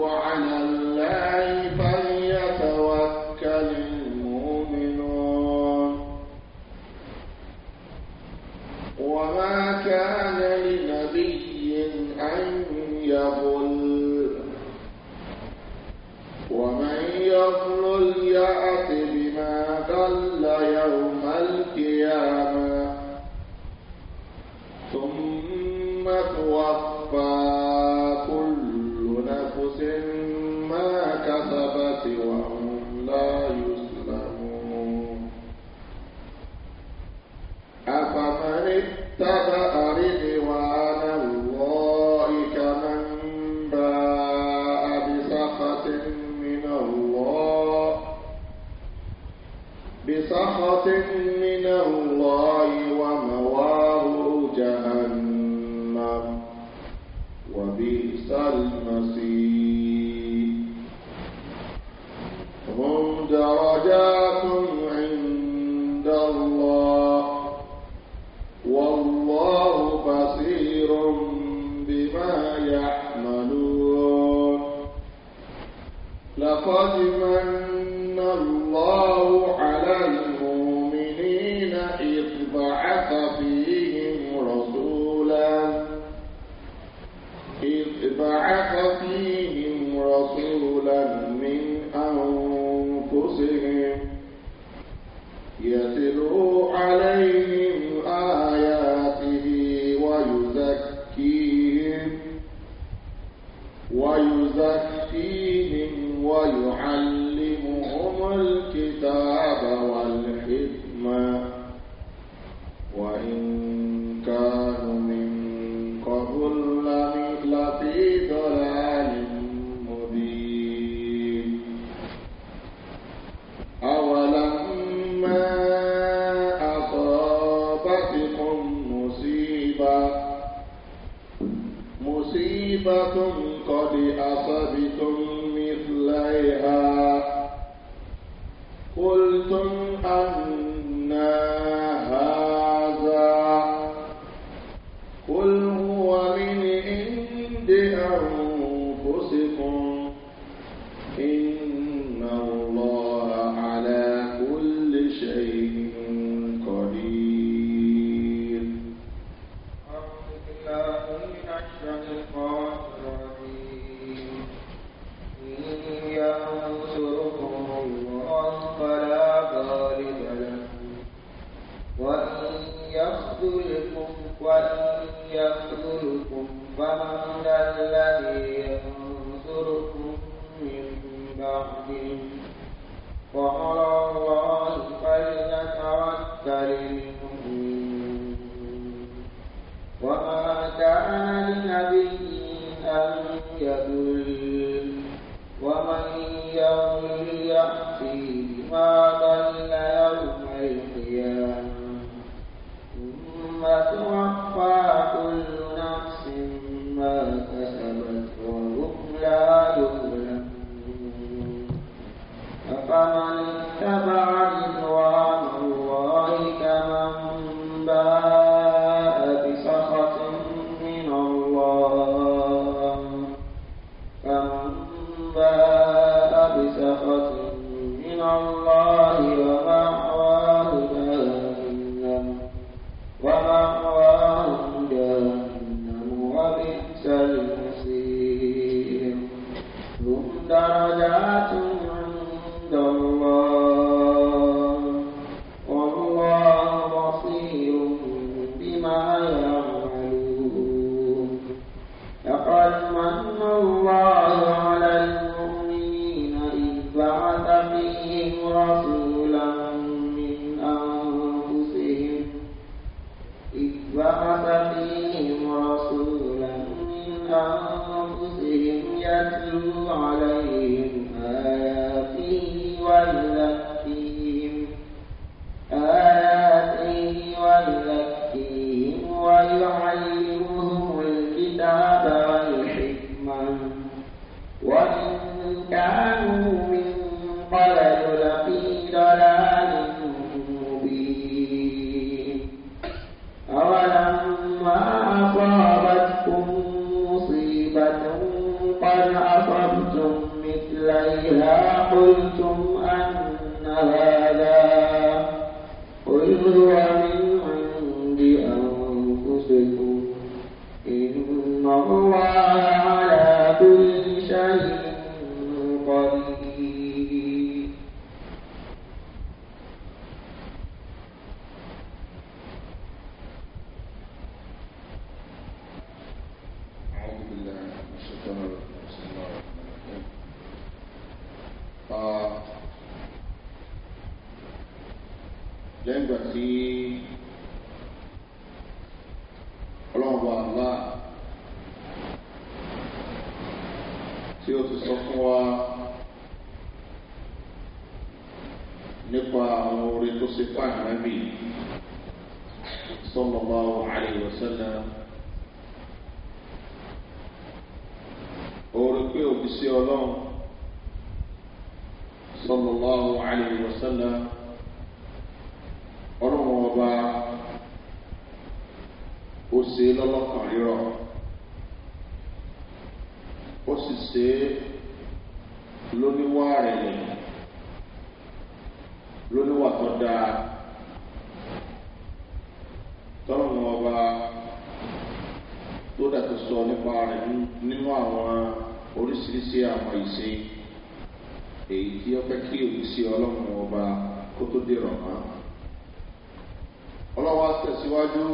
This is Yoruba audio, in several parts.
وعلى الله فليتوكل المؤمنون وما كان لنبي أن يضل ومن يضلل يأت بما ضل يوم القيامة ثم توفى نفس ما كسبت وهم لا يسلمون أفمن اتبع رضوان الله كمن باء بسخط من الله بسخط عند أنفسكم إن قلتم مثليها قلتم أن هذا قل هو من عند أنفسكم إن الله ti ọlọ́run ọba kó tó dèrò mọ́. ọlọ́wọ́ tẹ̀síwájú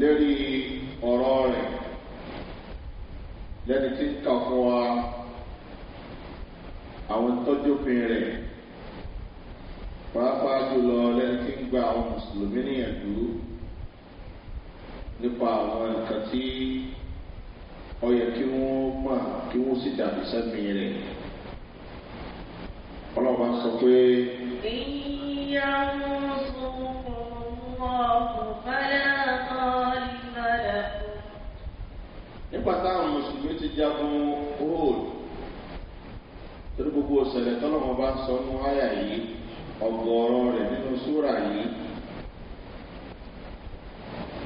lérí ọ̀rọ̀ rẹ̀ lẹ́ni tí ń kà fún wa àwọn tọ́júpin rẹ̀ pàápàá jùlọ lẹ́ni tí ń gba àwọn mùsùlùmí níyànjú nípa àwọn nǹkan tí ọyẹ kí wọn mọ kí wọn sì dàbí sẹmi rẹ ọlọpàá sọ pé. ìyàwó sọkùnrin ọkùnrin nípa táwọn mùsùlùmí ti jagun road torí gbogbo ọ̀sẹ̀lẹ̀ tọ́lọ́mọ bá ń sọ nú àyà yìí ọgọ́rọ̀ rẹ̀ nínú súrà yìí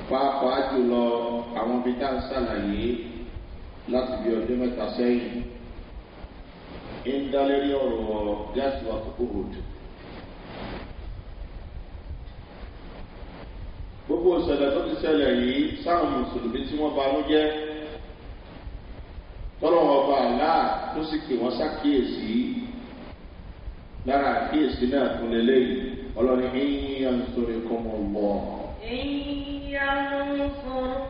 pàápàá jùlọ àwọn ibi tá à ń ṣàlàyé láti bí ọdún mẹ́ta sẹ́yìn ń dálérí ọ̀rọ̀ gáàsì wa kókó ròdù. gbogbo ìṣẹ̀lẹ̀ tó ti ṣẹlẹ̀ yìí sáà mùsùlùmí tí wọ́n banú jẹ́ tọ́lọ́ ọba àlá tó sì pè wọ́n ṣàkíyèsí lára àkíyèsí náà fún lélẹ́yìn ọlọ́ni ẹ̀yìn àǹsọ̀rẹ̀ kọ́ mọ̀ wọ̀. ẹ̀yìn àǹsọ̀rẹ̀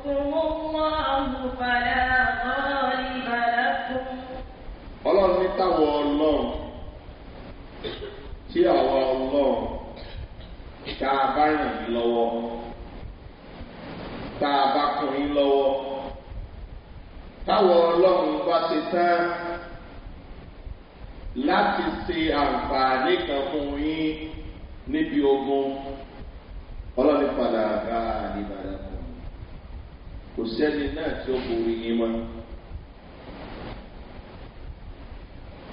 kọ́ mọ̀ wọ́n àmúfàlà. táwọn ọlọ́run tí àwọn ọlọ́run tá a bá ràn yín lọ́wọ́ tá a bá kún yín lọ́wọ́ táwọn ọlọ́run bá ti tán láti ṣe àǹfààní kan fún yín níbi ogun ọlọ́ni padà bá a nìbàdàn kò sẹ́ni náà tí ó borí yín mọ́.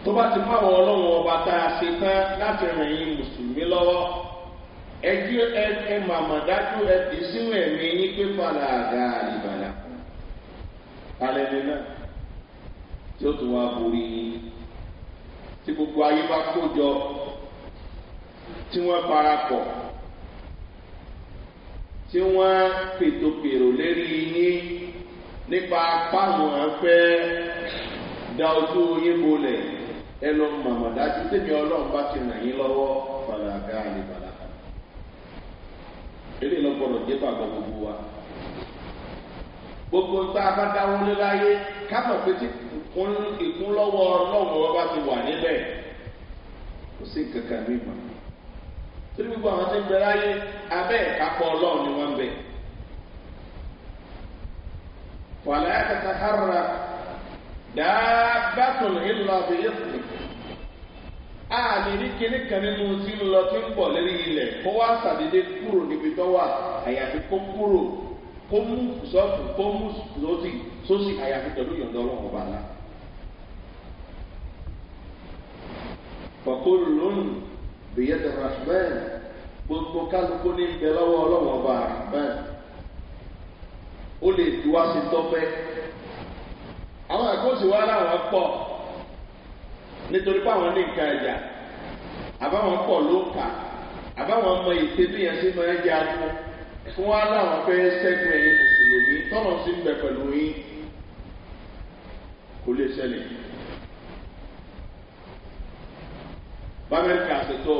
tó bá ti fáwọn ọlọ́run ọba tá a ṣe tán láti rìn yín mùsùlùmí lọ́wọ́ ẹjú ẹ màmàdájú ẹ tì sínú ẹ̀mí yín pé padà àga àlìbàlà kan alẹ́ni náà tí ó tún wá borí yín tí gbogbo ayé bá kó jọ tí wọ́n parapọ̀ tí wọ́n pètòpèrò lérí yín nípa páwọn afẹ́ da ojú yín bolẹ̀. ẹnu màmá ti tèmi ọlọ́run bá ti ràn yín lọ́wọ́ fàlàgà àlebàlà eléyìí lọ gbọdọ̀ jẹ́ gbogbo wa gbogbo tá a bá dáwọ́ lé láyé kámọ̀ pé tí ọlọ́run bá ti wà níbẹ̀ kò sí kankan ní ìmọ̀ torí gbogbo àwọn tí ń bẹ láyé ni wọ́n ń bẹ. wàlẹ́ dábàtún ìlọ bí ìsìn a lè rí kíní kan nínú tí ń lọ tí ń bọ̀ lórí ilẹ̀ kó wá sàdédé kúrò níbi tó wà àyàfi kó kúrò kó mú sọ́ọ̀tù kó mú lọ́sì sósì àyàfi pẹ̀lú ìyọ̀ǹda ọlọ́run ọba ńlá. fọkúrò lónìí bìyẹ́ dọ̀rọ̀ bẹ́ẹ̀ gbogbo kálukú ní ìbẹ̀ lọ́wọ́ ọlọ́run ọba bẹ́ẹ̀ ó lè tú wá sí tọ́pẹ́ àwọn àkóso wa láwọn pọ̀ nítorí pé àwọn ní nǹkan ẹ̀jà àbáwọn pọ̀ ló kà àbáwọn ọmọ ète bí yẹn sí máa ń jẹ àpò fún wa láwọn fẹ́ sẹ́gun ẹ̀yìn mùsùlùmí tọ́nà sí ń bẹ̀ pẹ̀lú yín kò lè sẹ́lẹ̀. bámẹ́ríkà ṣètò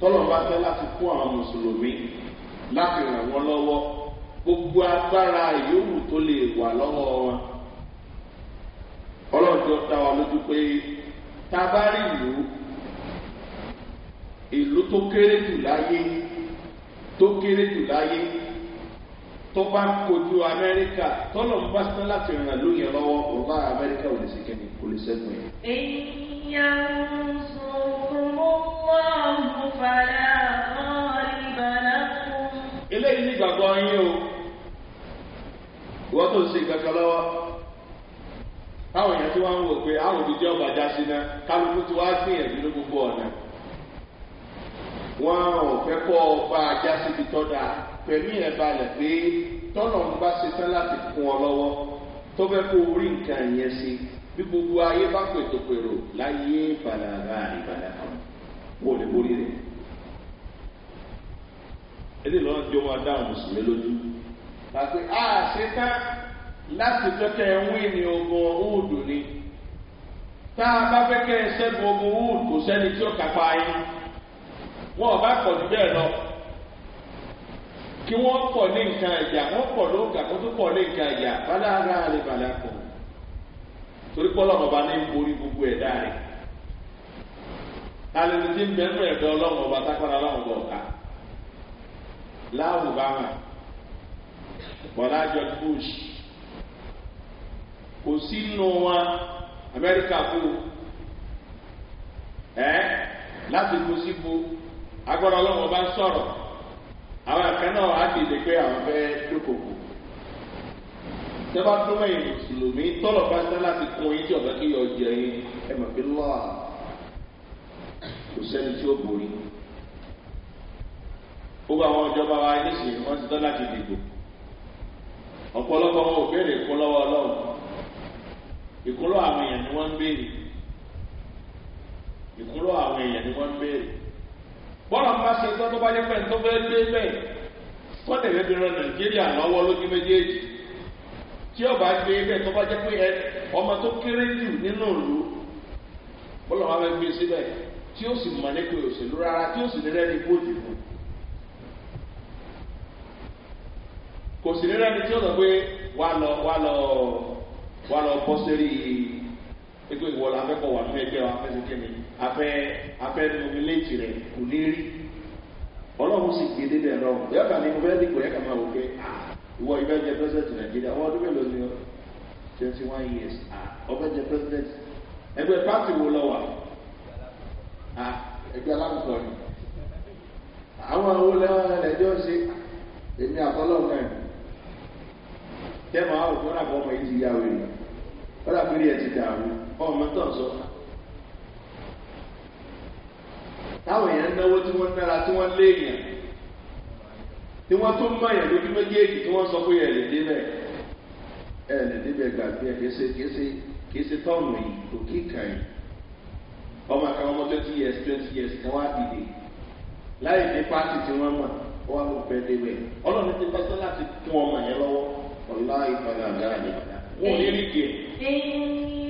tọ́lọ̀ bá fẹ́ láti kó àwọn mùsùlùmí láti ràn wọ́n lọ́wọ́ gbogbo agbára ìyóòwù tó lè wà lọ́wọ́ wọn ọlọ́run tó dá lójú pé tá bá rí ìlú ìlú tó kéré jù láyé tó kéré jù láyé tó bá kojú amẹ́ríkà tọ́lọ̀ ń bá sọ láti ràn lóye lọ́wọ́ ọba amẹ́ríkà ò lè ṣe kẹ́ni kò lè ṣẹ́gun ẹ̀. ìyá ń sọ̀rọ̀ wọ́n fara hàn ìbàdàn. eléyìí ní ìgbàgbọ́ yín o. wọ́n tó ń ṣe kankan lọ́wọ́ táwọn èèyàn tí wọ́n ń wò pé àwọn òbí jẹ́ ọba já sí náà kálukú tí wọ́n gbìyànjú ní gbogbo ọ̀nà wọ́n ò fẹ́ kọ́ ọba já síbi pẹ̀lú ẹ̀ balẹ̀ pé tọ́nà ń bá láti fún ọ gbogbo ayé bá pètò pèrò láyé balàrà wọ́n lè borí rẹ̀ lọ́nà tí ó máa dáhùn pàṣẹ a ah, ṣe taa láti tọ́kẹ́ nwee ìní ogun òòdù ni tá a bá fẹ́ kẹ́ ẹ ṣẹ́gun ogun òòdù kò sẹ́ni tí ó kápá yín wọn ò bá pọ̀ jù bẹ́ẹ̀ lọ kí wọ́n pọ̀ ní nǹkan ẹ̀yà wọ́n pọ̀ ló ń kà pọ̀ ní nǹkan ẹ̀yà bálára rẹ̀ balẹ̀ kọ̀ torí pọ́lọ́ ọba ní borí gbogbo ẹ̀dá rẹ̀ bọ̀dá george bush kò sí nínú wọn amẹ́ríkà kú ẹ́ láti kú síbu agbára ọlọ́wọ́ bá ń sọ̀rọ̀ àwọn náà á ti pé àwọn fẹ́ dúkòkò tẹ́bá tó mẹ́yìn mùsùlùmí tọ́lọ̀ bá sẹ́ láti kún yín tí kí yọ jẹ yín ẹ mọ̀ lọ́à kò sẹ́ni tí ọ̀pọ̀lọpọ̀ wọn ò béèrè ìkólọ́wọ́ ọlọ́run ìkólọ́ àwọn èèyàn ni wọn ń béèrè ìkólọ́ àwọn èèyàn ni wọ́n ń béèrè bọ́lá bá ṣe tọ́ tó bá jẹ́ pẹ́ẹ́n tó tí ọba gbé bẹ́ẹ̀ tó bá jẹ́ pé ọmọ tó kéré jù nínú ìlú bá gbé tí ó sì nípa òṣèlú rárá kò sì rírẹ́ ni tí ó sọ pé wà lọ wà lọ wà lọ bọ́ sórí ẹgbẹ́ ìwọ la fẹ́ kọ̀ wà fún ẹgbẹ́ wa fẹ́ sí kí ni afẹ́ afẹ́ nominate rẹ̀ kò ní rí ọlọ́run sì gbé débẹ̀ lọ yọ̀ọ̀kan ni mo fẹ́ dìbò yẹ kà máa wò pé ìwọ ìfẹ́ jẹ president nàìjíríà ọmọ ọdún mélòó ni ọ twenty one years ọfẹ́ jẹ president ẹgbẹ́ party wo lọ wà ẹgbẹ́ alámùkọ́ ni àwọn owó lẹ́wọ̀n ṣe èmi àtọ́lọ́ọ̀ náà tẹ́mọ̀ àwọn òkú náà kọ́mọ yìí ti yá wèrè ọ̀dà pé ẹ̀ ti dàrú ọmọ tó ń sọ. táwọn èèyàn náwó tí wọ́n nára tí wọ́n lé èèyàn tí wọ́n tún mọ lójú méjèèjì tí wọ́n sọ pé ẹ̀ lè débẹ̀ ẹ̀ lè débẹ̀ ọmọ years twenty years kan wá dìde láì ní tí wọ́n mọ̀ wọ́n á lọ fẹ́ débẹ̀ ọlọ́run ti pẹ́ والله فلا غالب وغيرك إن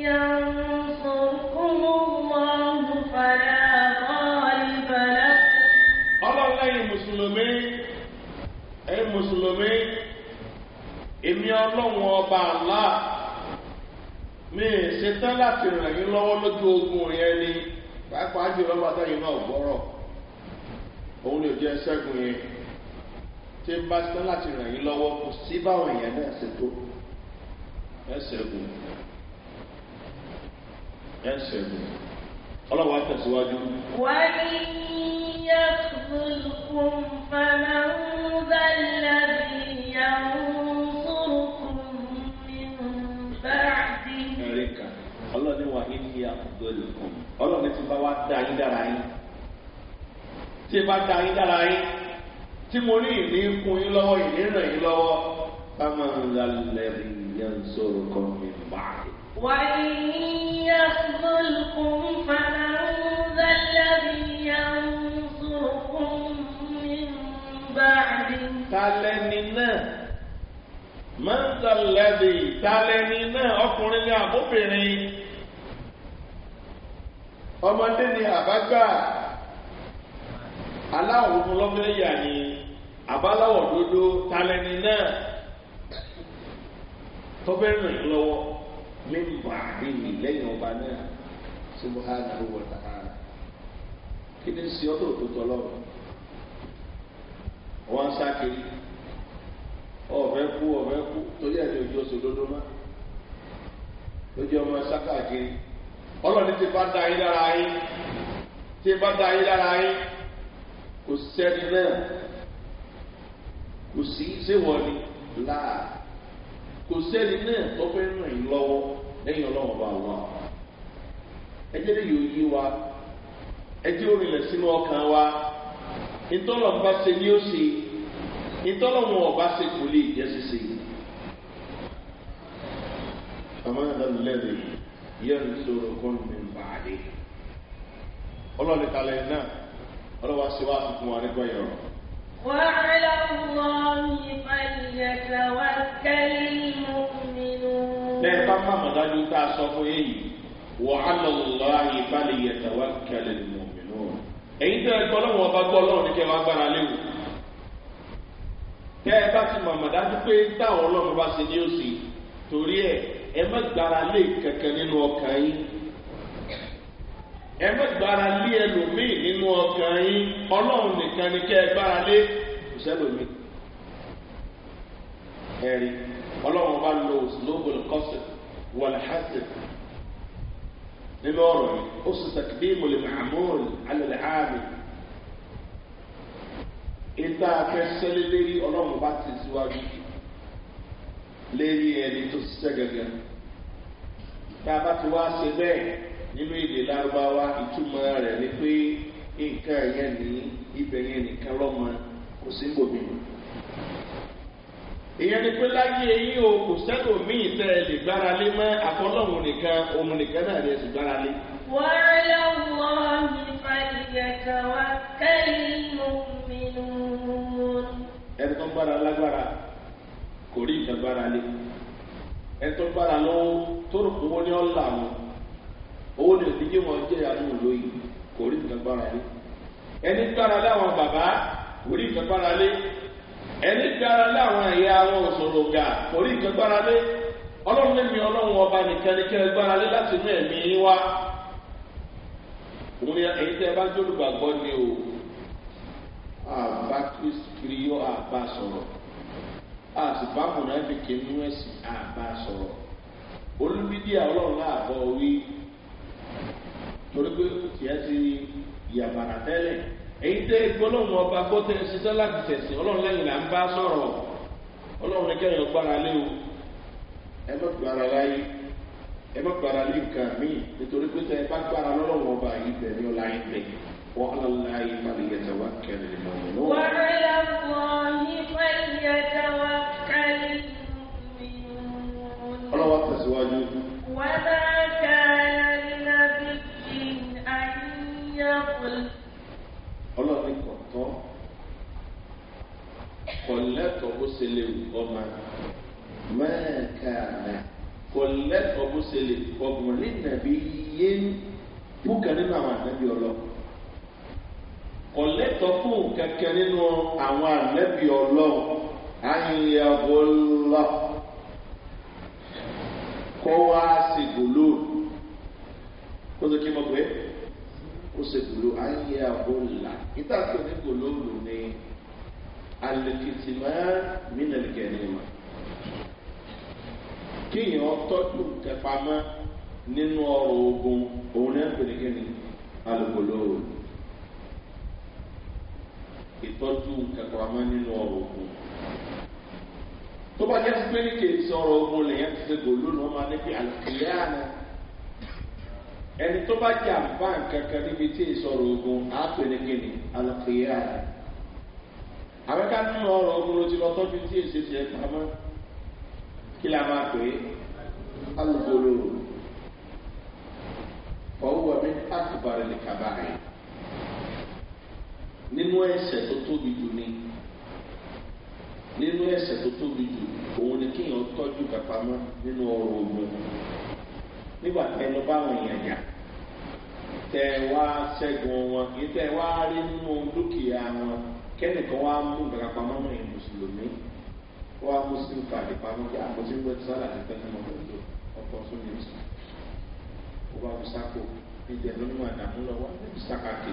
ينصركم الله فلا غالب لكم الله يا مسلمين mi ṣetán láti ràn yín lọ́wọ́ lójú ogun yẹn ni pàápàá jùlọ bàtà yìí náà gbọ́rọ̀ òun tí bá tán láti ràn yín lọ́wọ́ kò sí báwọn èèyàn náà ṣe tó ẹsẹ̀ gùn ẹsẹ̀ gùn ọlọ́wọ́ àtẹ̀síwájú. wọ́n ní yẹ́kùnkùn fanáhùnzálẹ́bí yàhùnsùnkùn nígbàdí. ẹ̀ríkà ọlọ́ni wà ní yàkùnkùn ọlọ́ni ti bá wa dá yín dára yín tí bá dá yín dára yín tí mo ní ìní kun yín lọ́wọ́ ìní ràn yín lọ́wọ́ ká máa lálẹ́ ìyẹn sọ̀rọ̀ kan mi bá a. wà á yíyá sọ́lùkùn fana ńlẹ́lẹ́ ìyẹn sọ̀rọ̀kùn mi bá a dé. náà máa ń talẹ́ bí náà ọkùnrin ni àbóbìnrin ọmọdé ni àbágbà aláwòrán lọ́fẹ́ yà ni àbáláwọ̀ dúdú talẹ́ni náà tọ́fẹ́ rìn lọ́wọ́ ní bàbíyì lẹ́yìn ọba náà subuhana wọ ta'ala kí ni sí ọtọ òtútọ lọrọ wọn sá kiri ọfẹ kú ọfẹ kú torí ẹni ojú oṣù lọdọ má lójú ọmọ sáká kiri ọlọ́ni ti bá da yín lára yín ti bá da yín lára yín kò sẹ́ni náà kò sí séwọ́n ni láà kò sẹ́ni náà tó fẹ́ ràn yín lọ́wọ́ lẹ́yìn ọlọ́wọ́n bá wà. ẹ jẹ́ lè yóò yí wa ẹ jẹ́ orinlẹ̀ sínú ọkàn wa ìtọ́lọ̀ ń bá ṣe ni ó ṣe ìtọ́lọ̀ wọn ọba ṣe kò lè jẹ́ ṣíṣe. àmọ́ ìdánilẹ́dẹ̀ yẹn ń sọ̀rọ̀ kọ́ mi bàdé ọlọ́ọ̀nìkalẹ̀ náà ọlọ́wà ṣe wá fún wa nígbà yẹn rọ̀. وعلى الله فليتوكل المؤمنون lẹ́yìn bá bá mọ̀dájú tá وعلى الله فليتوكل المؤمنون èyí tẹ́ ẹ gbọ́ lọ́wọ́ ọba gbọ́ lọ́wọ́ ní kẹ́ ẹ máa gbára léwu kẹ́ ẹ bá ti mọ̀ mọ̀dájú pé táwọn ọlọ́run torí ẹ ẹ má gbára lé kankan nínú ọkàn yín ẹ má gbára lé ẹlòmíì nínú ọkàn yín ọlọ́run nìkan ni kẹ́ ẹ gbára lé kò sẹ́lòmíì. ẹ̀rí ọlọ́run bá lo òsínlógún kọ́sẹ̀ wọlé hásẹ̀ nínú ọ̀rọ̀ yìí ó sì sàkídé ìmọ̀lẹ̀ màmúrù alẹ́lẹ̀ ààbì. ìta akẹ́sẹ́lé lérí ọlọ́run bá ti síwájú lérí ẹni tó ṣiṣẹ́ gẹ́gẹ́. tá a bá ti wá ṣe bẹ́ẹ̀. nínú èdè lárúbáwá ìtumọ̀ rẹ̀ ni pé nǹkan ẹ̀yẹ ní ibẹ̀ yẹn nìkan lọ́mọ kò sí gbòmìn. ìyẹn ni pé láyé o kò sẹ́kọ̀ọ́ míì tẹ́ ẹ lè gbára lé mọ́ àfọlọ́hùn nìkan òun nìkan náà lè sì gbára lé. mi kẹ́yìn nù. ẹni tó ń gbára lágbára kò rí gbára lé ẹni tó ń gbára lọ́wọ́ o ni òbí yíwọ̀n jẹ́ àyè olóyè kò rí nǹkan gbára lé ẹni gbára láwọn bàbá kò rí nǹkan gbára lé ẹni gbára láwọn ẹ̀yà àwọn gà kò rí nǹkan gbára lé ọlọ́run lẹ́mi ọba nìkan gbára lé láti inú ni ẹ bá ni o àbá àbá àwọn náà torí pé tiẹ̀ ti yàbàrà tẹ́lẹ̀ èyí tẹ́ gbọ́lọ́mù ọba gbọ́tẹ́ ṣiṣẹ́ láti tẹ̀sìn ọlọ́run lẹ́yìn là ń bá sọ̀rọ̀ ọlọ́run ní kẹ́yìn gbára lé o ẹ má gbára láyé ẹ má gbára lé nǹkan míì nítorí pé tẹ́ ẹ bá gbára lọ́lọ́run ọba yìí bẹ̀ ní ọ̀la yìí bẹ̀ wọ́n alọ́lá yìí pàdé yẹtẹ̀ wá kẹ́lẹ́ wá kẹ́lẹ́ mọ́ wọn. ọlọ́wọ́ tẹ̀síwájú. wọ́n bá ọlọ́ọ̀ni kọ̀ tán kọ̀lẹ́tọ̀ bó ṣe lè wù ọmọ mẹ́ẹ̀kàrà kọ̀lẹ́tọ̀ bó ṣe lè wù ọmọ nínàbí yé púkẹ́ nínú àwọn ànábì ọlọ́ kọ̀lẹ́tọ̀ fún kẹ̀kẹ́ nínú àwọn ànábì ọlọ́ ayẹyẹ kọ́ wá sí gbòló kó tó kí n mọ̀ pé ó ṣe gbòòlò ayé àbọ̀là ìtàkì onígbòòlò òlò ní alẹ́kìtìmá mínàlìkẹ́nìmá kéèyàn tọ́jú nǹkan pamọ́ nínú ọrọ̀ ogun òun náà pèlè kẹ́ni alùpùpù ìtọ́jú nǹkan nínú ọrọ̀ ogun tó bá jẹ́ pé ní sọ̀rọ̀ ogun lèyàn ti ṣe gbòòlò ní wọ́n máa ní pé ẹni tó bá jẹ àǹfààní kankan níbi tí ìsọ̀rọ̀ ogun á pè ní kíni alùpùpù àmẹ́ká nínú ọ̀rọ̀ ogun ló ti lọ tọ́jú tí èsì ti ẹ̀ pamọ́ kí la máa pè é alùpùpù ọ̀húwọ̀ mi àtùbàrẹ̀ lè kàbàrẹ̀ nínú ẹ̀sẹ̀ tó tóbi jù ni nínú ẹ̀sẹ̀ tó tóbi jù òun ni kéèyàn tọ́jú kàpamọ́ nínú ọ̀rọ̀ ogun nígbà tẹ lọ báwọn èèyàn yà tẹ wá ṣẹ́gun wọn kì í tẹ wá rí nínú dúkìá wọn kẹ́nìkan wá mú ìgbàgbà pamọ́ ní mùsùlùmí wá mú sí ìpàdé pamọ́ kí àkọsí ń gbẹ́tí sálà ti tẹ́lẹ̀ mọ́ pẹ̀lú ọkọ̀ sómi ìsìn ó bá fi sáko ìjẹ́ ló ní wọn àdàmú lọ́wọ́ níbi sákàkì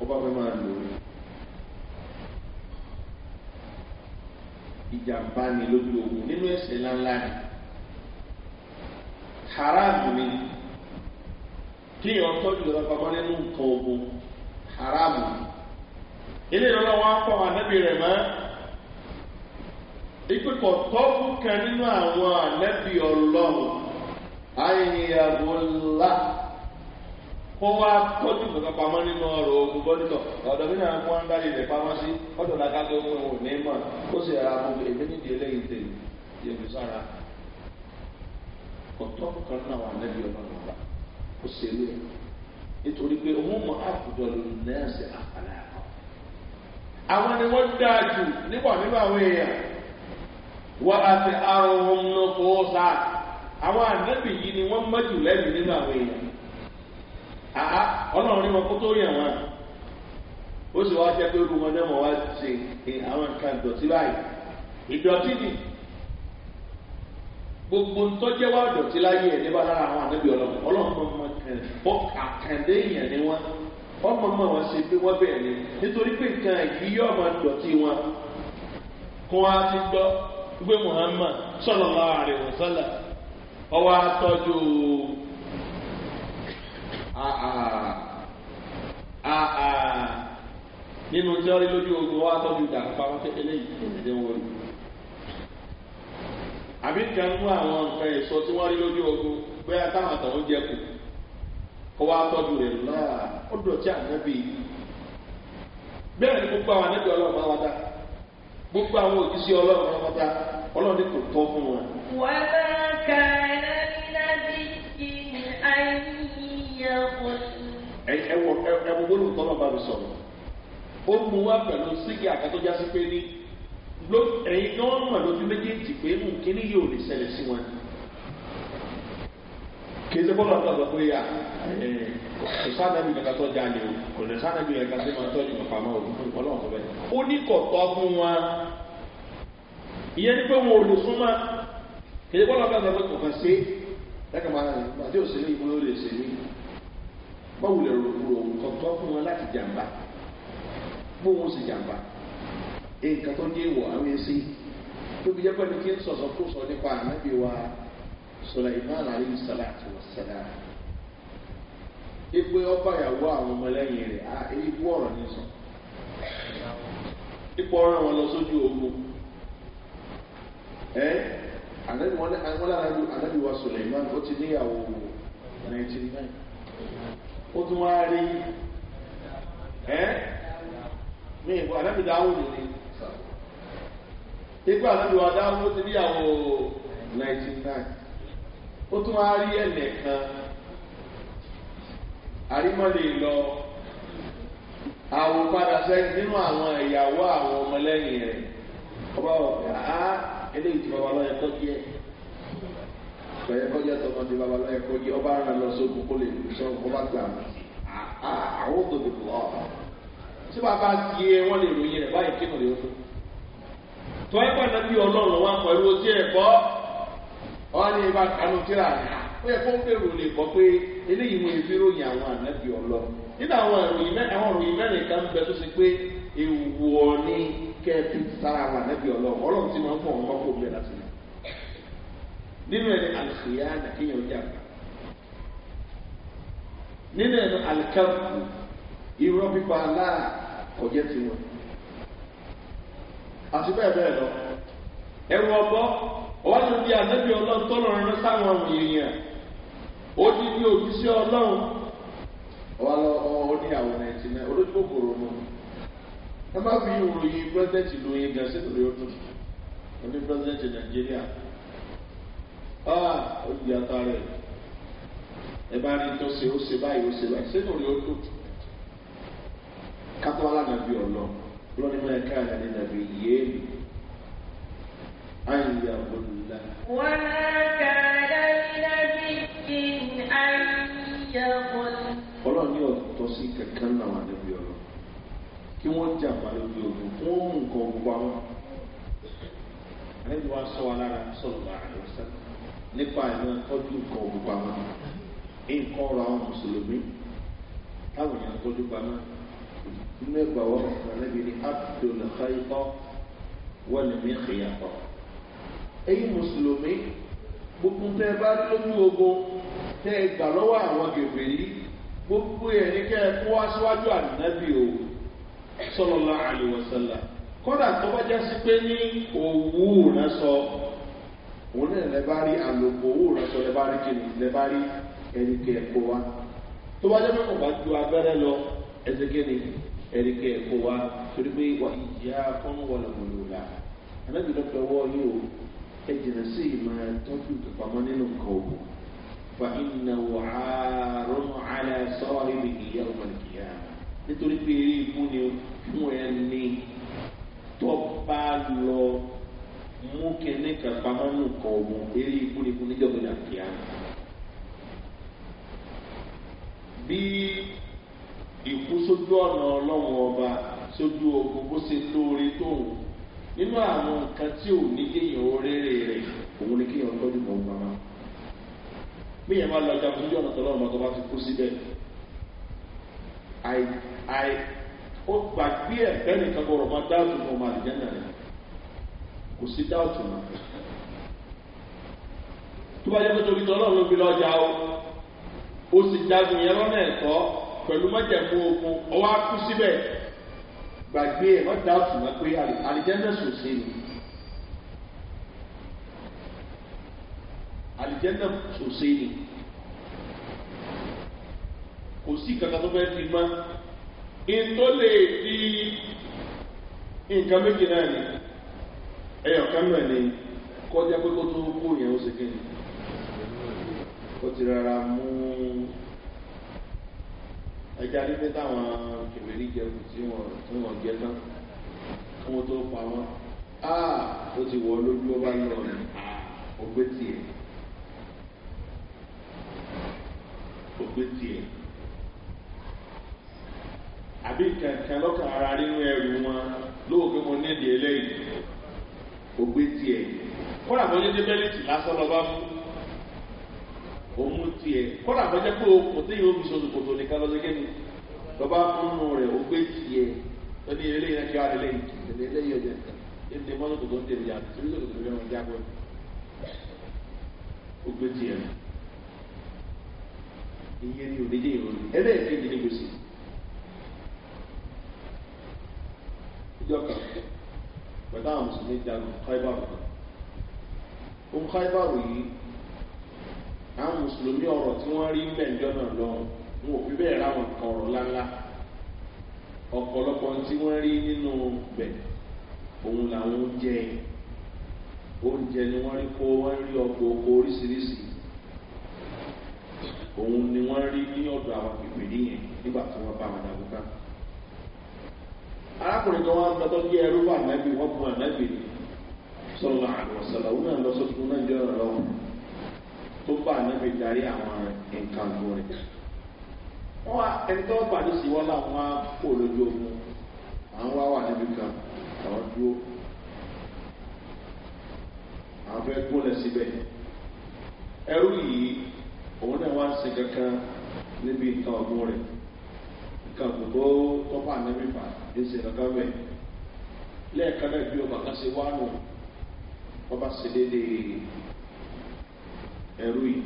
ó bá fẹ́ máa lò ó. ìjàmbá ni lójú ogun nínú ẹsẹ̀ ńláńlá ni. haramu ni kí ọtọ́ ìjọba pamọ́ nínú nǹkan ogun haramu ilé ìrọ̀lọ́ wọn kọ́ ànábì rẹ̀ mọ́ ìpínkọ̀ tọ́kù kan nínú àwọn ànábì ọlọ́run ayéyàwó kó wá tọ́jú ìjọba pamọ́ nínú ọ̀rọ̀ ogun bọ́dítọ̀ ọ̀dọ̀ bí náà wọ́n ń dárí rẹ̀ sí ọ̀dọ̀ làkàtà ní mọ̀ ó sì rà fún èmi nídìí eléyìí tèmi yèmí sára. ọ̀tọ́pù kan náà wà lẹ́bi ọlọ́run ọba kò sí ilé ẹ̀ nítorí pé òun mọ àkùdọ̀ lòun náà ṣe àkàlà àkọ́. àwọn ni wọ́n dáa jù nípa nínú àwọn èèyàn wọ́n á fi àrùn ọ̀nà kó àwọn yìí ni wọ́n nínú àwọn èèyàn. àá ọlọ́run ní wọn kó tó wọn ó sì wá jẹ́ pé náà wá ṣe àwọn nǹkan ìdọ̀tí báyìí ìdọ̀tí nìyí. gbogbo ntọ́jẹ́ wa dọ̀tí láyé ẹ̀ níbà lára àwọn ànábì ọlọ́run ọlọ́run mọ̀ mọ̀ àkàndé èèyàn ni wọ́n ọmọ mọ̀ wọn ṣe pé wọ́n bẹ̀rẹ̀ ni nítorí pé nǹkan yìí yóò máa dọ̀tí wọn kún wa ti gbọ́ gbé muhammad sọlọ lọ àrẹ wọ̀sálà ọwọ́ atọ́jú nínú tí wọ́n rí lójú ogun ọwọ́ atọ́jú dàgbà wọn kékeré yìí ẹ̀ẹ́dẹ́wọ̀n àbí kan mú àwọn nǹkan èso tí wọ́n rí lójú ogun bóyá táwọn àtàwọn jẹ kù kó wá tọ́jú rẹ̀ náà ó dọ̀tí ànábì bẹ́ẹ̀ ni gbogbo àwọn ànábì ọlọ́run máa wá dá gbogbo àwọn òjísé ọlọ́run máa wá dá ọlọ́run ní kò tọ́ fún wọn. wọ́n bá kàánà nílábí kí àìyíyàwó. ẹ ẹ wọ ẹ wọ gbólóhùn tọ́lọ́ bá mi sọ̀rọ̀ ó mú wá pẹ̀lú sígì àkàtọ́jásí pé ní ló ẹ̀yin kí wọ́n mọ̀ lójú méjèèjì pé mú kíní yóò lè ṣẹlẹ̀ sí wọn. kì í ṣe bọ́lá ọ̀tọ̀ ọ̀tọ̀ pé yà kò sádàbí kankan tó já ni o kò lè sádàbí kankan tó máa tọ́jú ọ̀pá máa o ọlọ́run tó bẹ́ẹ̀. ó ní kọ̀tọ́ fún wọn ìyẹn ni pé wọn ò lè súnmọ́ kì í ṣe bọ́lá ọ̀tọ̀ ọ̀tọ̀ kò kàn lẹ́kàn máa rìn àti òsèlú ìmú ló lè ṣèlú báwo lè rò rò fún wọn láti jàǹbá bó wọn sì jàǹbá. e tó dé wọ̀ àwọn èsì tóbi jẹ́ pẹ̀lú kí n sọ̀sọ̀ kó sọ nípa ànábì wa suleiman alayhi salatu wa salam ipe ọba ìyàwó àwọn ọmọlẹ́yìn rẹ̀ ọrụ ní sọ ipò wọn lọ sójú ogun ẹ wọn wa ó ti níyàwó nine ó tún wá rí ẹ mi ikú àlejò adáwọ̀ ó ti níyàwó ninety nine ó tún wá rí ẹnìkan àrímọ́lẹ̀ lọ àwọn padà sẹ́yìn nínú àwọn ìyàwó àwọn ọmọlẹ́yìn rẹ̀ ọba ọ̀gá á eléyìí ti babaláyé kọ́ jẹ́ ọ̀yẹ́ kọ́ jẹ́ tọmọ ti babaláyé kọ́ jẹ́ ọba ara lọ sókun kó lè sọ ọba gbà àwọn òkòtò lọ sí bàbá tiẹ̀ wọ́n lè ròyìn rẹ̀ báyìí kí nìyẹn fún un. tọ́ ẹ̀kọ́ ìnábí ọlọ́run wa pẹ̀lú ojú ẹ̀kọ́ wọn ni ìbá kanú tíra àná ó yẹ kó ń bèrò lè kọ́ pé eléyìí wọn èfi ròyìn àwọn ànábì ọlọ́run nínú àwọn ìròyìn mẹ́rin àwọn ìròyìn mẹ́rin kan bẹ tó ṣe pé ewu ọ̀ni kẹ́ẹ̀tì sára àwọn ànábì ọlọ́run ọlọ́run ti máa ń fọ̀ wọn nínú ọjà nínú àti bẹ́ẹ̀ bẹ́ẹ̀ lọ. ẹ wọ ọgbọ́ wọ́n ti di ànábì ọlọ́run tó lọ́rùn rẹ sáwọn èèyàn ó ti di òbísí ọlọ́run wà lọ oníyàwó náìtì náà olójú kòkòrò mọ́ ẹ má fi ìròyìn lu gan ó di ata rẹ ẹ bá rí tó ṣe ó ṣe báyìí ó ṣe báyìí lórí máa ká àlàyé nàbí yé àyà òlùlà. wọ́n máa ká àlàyé nàbí yé àyà òlùlà. ọlọ́run ní ọ̀tọ̀ sí kankan náà wà níbi ọ̀rọ̀ kí wọ́n jà pàdé bí fún nǹkan wa lára sọ̀rọ̀ nípa tọ́jú nǹkan nǹkan ọ̀rọ̀ àwọn mùsùlùmí táwọn èèyàn tọ́jú pamọ́. nínú ẹgbà wọn ọ̀nàbí ni abdul khaytọ wọn lè mí xìyàtọ. ẹyin mùsùlùmí gbogbo tẹ ẹ bá lójú ogun tẹ ẹ gbà lọ́wọ́ àwọn gèfè yìí gbogbo ẹ̀ ní kẹ́ ẹ kó aṣáájú ànábì o sọlọ́lá àlùwọ̀sálà kọ́dà tó bá já pé ní òwú rẹ sọ òun náà lẹ bá rí àlòkù òwú rẹ sọ kó wa tó bá kò bá ju abẹ́rẹ́ lọ ẹsẹ̀ kéde ẹ̀ríkẹ́ ẹ̀kọ́ wa torí pé wà ìyá kan wọlé wọlé la anábì dọ́kítà wọ́ yóò ẹ jìnnà sí ìmọ̀ tọ́jú ìpamọ́ nínú nǹkan òkú fa iná wà á rọ́mọ alẹ́ sọ́ọ́ ibi ìyá ọmọdé kìíyà nítorí pé eré ikú ni fún ẹni tó bá mú kíní kan pamọ́ nínú nǹkan òkú eré ikú ni fún níjọba ìdàkìyà bí ìkú sójú ọ̀nà ọlọ́run ọba sójú ogun bó ṣe lóore tóun nínú àwọn nǹkan tí ò ní kéèyàn ó rérè rẹ̀ òun ni kéèyàn tọ́jú mọ̀ pàmà. bí yẹn máa lọ ọjà sójú ọ̀nà tọ́lọ́run ọba tó bá ti kú síbẹ̀ àì àì ó gbàgbé ẹ̀fẹ́ nìkan bọ̀rọ̀ máa dáàtò fún ọmọ àdìjẹ́ náà rẹ̀ kò sí dáàtò náà tó bá jẹ́ pé torí tọ́lọ́run ló fi lọ́jà o ó sì jágun yẹn lọ́nà ẹ̀kọ́ pẹ̀lú mọ́jẹ̀mú ogun ọwọ́ akú síbẹ̀ gbàgbé ẹ̀ wọ́n dá òtún wọn pé àlìjẹ́ndẹ̀ sò sí ni àlìjẹ́ndẹ̀ sò sí ni kò sí kankan tó fẹ́ fi mọ́ ètò lè fi nǹkan méjì náà ni ẹyọ kan náà ni kọjá pé kó tó kó yẹn ó ṣe kéde ó ti rárá mú un ẹja dídé táwọn kìmìrì jẹun tí wọn tí wọn jẹ tán kí wọn tó pa wọn á ó ti wọ lójú ọba lọ ọgbẹ tiẹ ọgbẹ tiẹ àbí kankan lọ́kàn ara nínú ẹrù wọn lóògbé mo ní ẹ̀dẹ̀ eléyìí ògbé tiẹ̀ kọ́ra mo ní débẹ́lẹ́tì lásán lọ́ba fún òun tiẹ̀ kọ́dà bọ́ jẹ́ pé okùn tí yóò fi so kòtò nìkan lọ sí kéde lọ́ba fúnnú rẹ̀ ó gbé tiẹ̀ ó ní eléyìí náà kí wá lélẹ̀ ìtìlẹ̀ eléyìí ọjà ìtàn yóò tẹ mọ́tò tó ń tẹ̀lé yàtọ̀ torí kòtò tó fẹ́ wọn jágbọ́ ó gbé tiẹ̀ ìyẹn ni òdíje ìròyìn ẹlẹ́ẹ̀kejì ní gbèsè ìjọ kan pẹ̀lú àwọn mùsùlùmí jagun àwọn mùsùlùmí ọ̀rọ̀ tí wọ́n rí mẹ́jọ náà lọ́rùn wọn ò fi bẹ́ẹ̀ ráwọn nǹkan ọ̀rọ̀ ńláńlá ọ̀pọ̀lọpọ̀ tí wọ́n rí nínú bẹ̀ òun làwọn oúnjẹ oúnjẹ ni wọ́n rí kó wọ́n rí ọkọ̀ oko oríṣiríṣi òun ni wọ́n rí ní ọ̀dọ̀ àwọn pèpè nìyẹn nígbà tí wọ́n bá wọn arákùnrin kan wá ń ẹrú wà nábì tó bá níbi darí àwọn nǹkan ọ̀gbọ́n wọ́n wá ẹni tó bá ní síwọ́n láwọn á kó lójú ogun àwọn wá wà níbi kan àwọn dúró àwọn fẹ́ gbólẹ̀ síbẹ̀. ẹrú yìí òun náà wá ń kankan níbi nǹkan nǹkan tó bá níbi kankan lẹ́ẹ̀kan náà bí ọba kan ṣe wá ẹrú yìí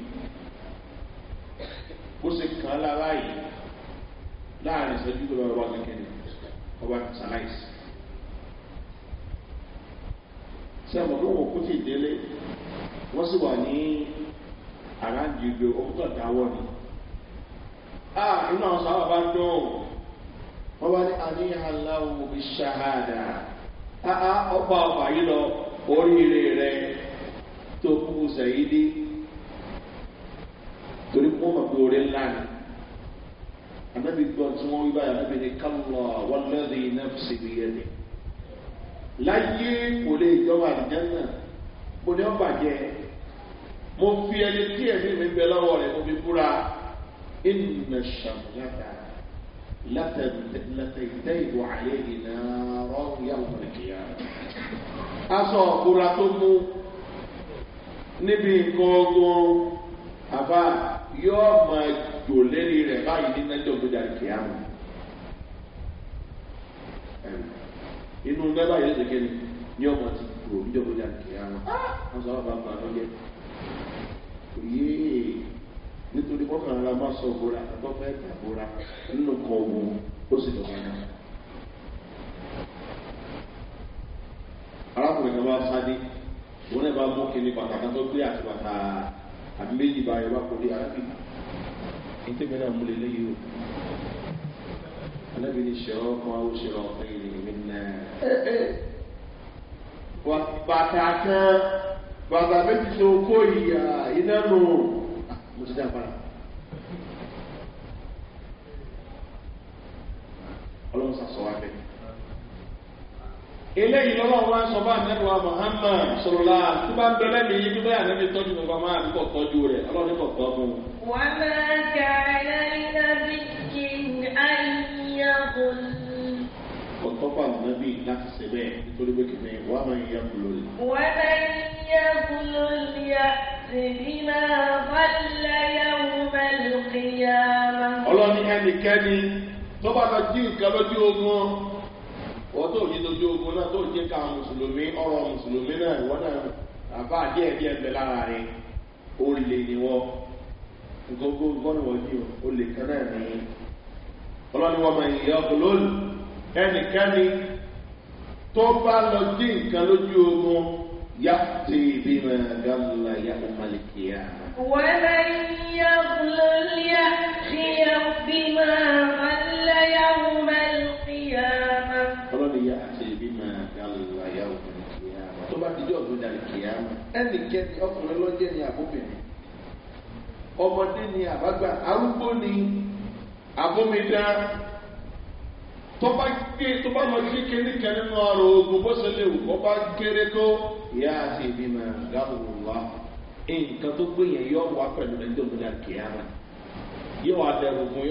ó sì kàn án lára yìí láàrin ìṣẹ́jú tó lọ́wọ́ kékeré ni ọba sàláìsì tí a wọn kú ti délé a inú àwọn sábà bá dùn wọ́n bá ní àníyàn a ọba ọba yìí lọ oríire rẹ tó kú torí kó mọ̀ pé orí ńlá ni anabi gbọ́ tí wọ́n wí báyìí anabi ni kálọ̀ wọlẹ́dì nẹ́fṣì bí yẹn ni láyé kò lè jọba àdìjẹ́nà kò ní ọba jẹ mo fi ẹni tí ẹ̀mí mi bẹ lọ́wọ́ rẹ̀ mo fi búra ìnùnà ṣàmùlátà látẹ̀tẹ̀ ìbò àlẹ́ ìnà rọ́ọ̀rù yàwó rẹ̀ kìíyà. aṣọ òkúra tó mú níbi nǹkan ọgbọ́n àbá yóò máa jò lérí rẹ̀ báyìí ní nẹ́jọ́ gbéjà kìámù inú gbẹ́bà yóò ṣe kéde ní ọmọ ti kúrò níjọ́ gbéjà kìámù wọ́n sọ wọ́n bá gba lọ́jẹ́ yéé nítorí wọ́n kàn ra má sọ bóra àtọ́ fẹ́ gbà bóra nínú kan wo ó sì lọ́wọ́ náà. arákùnrin kan bá sáré òun náà bá mú kinní bàtà kan tó gbé àti bàtà àbí méjì bá yọ bá kó dé arábìnrin nítorí náà múlẹ̀ lẹ́yìn o alábìnrin ṣẹ̀rọ kan ó ṣẹ̀rọ ọ̀pẹ̀yìn mi náà. wà bàtà kan méjì tó kó ìyá iná nù ah, mo ti dábàá. ọlọ́run sàṣọ bẹ́ẹ̀ eléyìí lọ́wọ́ wa sọ bá nẹ́bù wa muhammad sọlá tó bá ń bẹ lẹ́nu yìí bíbẹ́ ànábi tọ́jú mi bá máa kọ́ tọ́jú rẹ̀ ọlọ́run kọ́ tọ́ mu. wọ́n máa ka ẹlẹ́rìndàbí kí ayíyá kò ní. ọ̀tọ́ pa ànábì láti ṣe bẹ́ẹ̀ nítorí pé kìíní wọ́n máa ń yá kulo rẹ̀. wọ́n máa ń yá kulo rẹ̀ síbi máa fàlẹ́ yàwó mẹ́lùkìyàmá. ọlọ́ni ẹnikẹ́ni tó bá lọ jí nǹkan lójú ogun wọ́n tó yí dojú ogun náà tó jẹ́ ká mùsùlùmí ọ̀rọ̀ mùsùlùmí náà ìwọ́n náà àbá díẹ̀ díẹ̀ bẹ lára rẹ̀ ó lè ní wọ́n gbogbo gbọ́dọ̀ wọ́n yìí ó lè kan náà ní. ọlọ́ni wọn máa yẹ ọkọ̀ lónìí ẹnikẹ́ni tó bá lọ dín nǹkan lójú ogun yá ti ibi mẹ́rin gánúlá yá ó má lè kíyà. wẹ́lẹ̀ yẹ kúló yá kíyà bí máa bá lẹ́yàwó mẹ́rin kíyà máa. bá ti jọ ògbóni àlìkìyà ẹnì kẹni ọkùnrin lọ́jẹ́ ni àbóbìnrin ọmọdé ni àbágbà arúgbó ni àbómidá tó gé tó bá sí kéríkẹ nínú ọrọ ogun bó ṣe wa nǹkan tó gbé yẹn yọ wá pẹ̀lú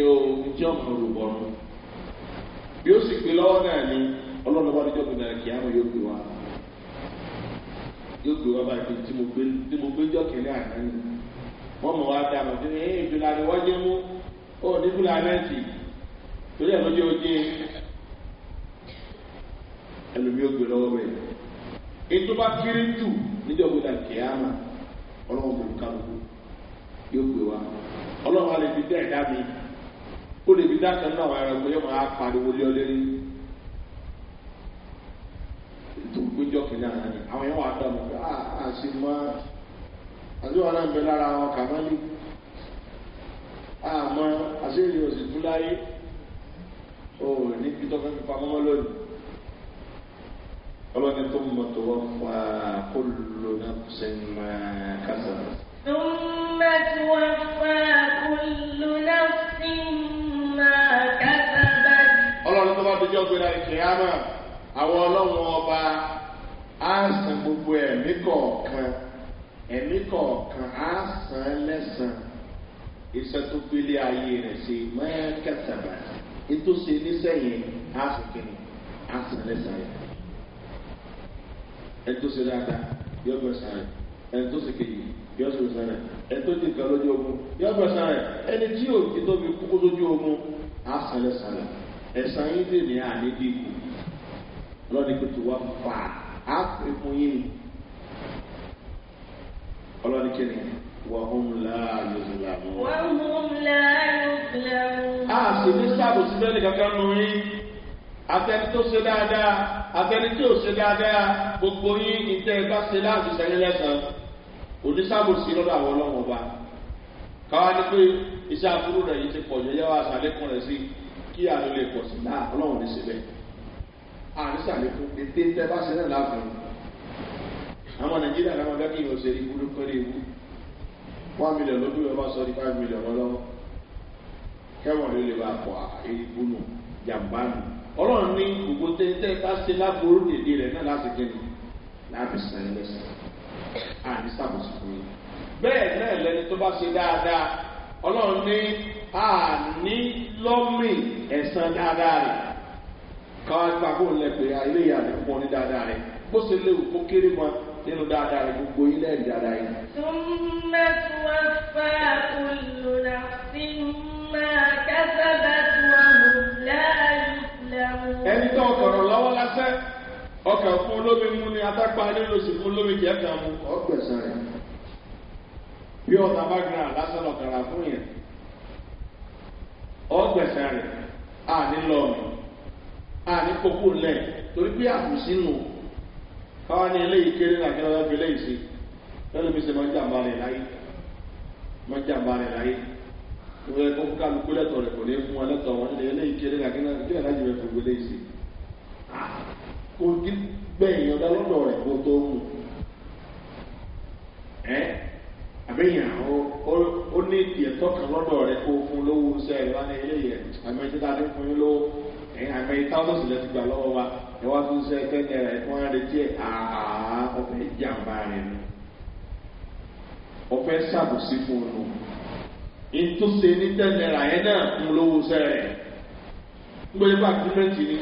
yóò bí ó sì pé lọ́wọ́ náà ni ọlọ́run wá níjọ́ gbìyànjú kí àwọn yóò gbé wá yóò gbé wá báyìí tí mo gbé tí mo gbé jọ́ kẹ́lẹ́ àná ni wọ́n mọ̀ wá dá àmọ́ tí ẹ̀ ẹ́ ìdúrà ni wọ́n jẹ́ mú ó ní torí ẹ̀ ojú lọ́wọ́ bẹ́ẹ̀ jù níjọ́ kí ọlọ́run kò kálukú yóò gbé ọlọ́run kó lè fi dákan náà wà rẹ̀ bóyá máa pariwo lé ọ lérí tó gbéjọ kìnìún àná ni àwọn yẹn wà á dààmú pé ah, a sì mọ àdúrà náà ń bẹ lára àwọn kàmáyé àmọ́ àṣírí òsì tún láyé ó ní kí tó fẹ́ pamọ́ lónìí ọlọ́ni tó mọ̀ tó wọ́n fa kó lò náà sẹ́yìn máa kásán. tó ń bá tí wọ́n fa kó lò. gbéra ìkìyàmà àwọn ọlọ́run ọba á san gbogbo ẹ̀mí kọ̀ọ̀kan ẹ̀mí kọ̀ọ̀kan á san lẹ́sàn iṣẹ́ tó gbélé ayé rẹ̀ ṣe mẹ́ẹ̀kẹsàbà ètò ṣe nísẹ̀yìn á san kìnnì á san lẹ́sàn rẹ̀ ẹ̀tọ́ ṣe dáadáa yọ bẹ̀ sàn rẹ̀ ẹ̀tọ́ ṣe kejì yọ sọ sàn rẹ̀ ẹ̀tọ́ ṣe kàn lójú ogun yọ bẹ̀ sàn rẹ̀ ẹni tí yóò fi tóbi kókó lójú ogun á san lẹ́sàn rẹ̀ ẹ̀sán yín lè ní àníbi di ọlọ́ni kò tó wá fà á pè fún yín ọlọ́ni kìíní wọ́n hún láàyò ìlànà. wọ́n hún láàyò ìlànà. a sì ní sáàbù síbẹ̀ ní kankan nù yín atẹni tó ṣe dáadáa atẹni tí ò ṣe dáadáa gbogbo yín ìtẹ́ ẹ bá ṣe láàbù sẹ́yìn lẹ́sàn-án onísàbò sí lọ́dọ̀ àwọn ọlọ́wọ́n ọba káwá pé iṣẹ́ aburú rẹ̀ yìí ti pọ̀ jẹ́ yẹ́wọ́ àṣàlékún rẹ̀ sí i kí àánú lè pọ̀ sí náà ọlọ́run ní síbẹ̀ àníṣà lè fún ètè tẹ́ bá ṣe náà láàfin àwọn nàìjíríà làwọn bẹ́ẹ̀ kí ìwọ̀n ṣe ibú ló kọ́ lé ibú one million lójú ẹ bá sọ ní five million ọlọ́wọ́ kẹwọn ló lè bá pọ̀ ibú nù jàmbá nù ọlọ́run ní gbogbo tẹ́ tẹ́ bá ṣe láàbòrò dèdè rẹ̀ náà láti kí ni láti sàn lẹ́sẹ̀ àníṣà kò sì fún yín bẹ́ẹ̀ náà lẹni tó bá ṣe dáadáa ọlọ́run ní a ní lọ́mìn ẹ̀sán dáadáa rẹ̀ káwá gba kó lẹ pé ilé ìyá rẹ̀ pọ̀ ní dáadáa rẹ̀ bó ṣe léwu kó kéré mọ́ nínú dáadáa rẹ̀ gbogbo ilé ẹ̀rí dáadáa yìí. túmẹ̀ tí wọ́n fẹ́ olùlà sí máa kẹ́sẹ̀ bá tí wọ́n mú láàyè lẹ́wọ̀n. ẹni tó ọkọ̀rọ̀ lọ́wọ́ lásẹ̀ ọkọ̀ fún olómi mú ni atápá nínú oṣù fún olómi jẹ́ mú ọgbẹ̀sán rẹ̀ bí ọ̀tá ọgbẹ̀sán rẹ̀ àní lọ́ọ̀mì àní kókó lẹ̀ torí pé àbùsí nù káwá ní eléyìí kéré náà kí wọ́n fi eléyìí sí lọ́nà bí sẹ́ máa jàmbá rẹ̀ láyé máa jàmbá rẹ̀ láyé ìwé ẹ̀kọ́ fún kálukú lẹ́tọ̀ rẹ̀ kò ní fún wọn lẹ́tọ̀ wọn ní eléyìí kéré náà kí wọ́n láti rẹ̀ fún eléyìí sí kò gbẹ̀yìn ọ̀dà lọ́dọ̀ rẹ̀ kó tó mú àbẹ̀yìn ó ní ìyẹ̀tọ́ kan lọ́dọ̀ rẹ kó fún lówó iṣẹ́ ẹ̀ wá ní eléyìí àmì tí dáadé fún yín lówó àmì táwọ́sì lẹ́ti gbà lọ́wọ́ wa ẹ wá fún iṣẹ́ ẹgbẹ́ ní ẹ̀rẹ́ fún ẹ̀rẹ́ díẹ̀ àá ọ̀fẹ́ jàǹbá rẹ̀ nù ọ̀fẹ́ sàbòsí fún un nù ìtúnṣe ní tẹ́lẹ̀ rà yẹn náà fún lówó iṣẹ́ rẹ̀ gbé bá àkúrẹ́tì ni.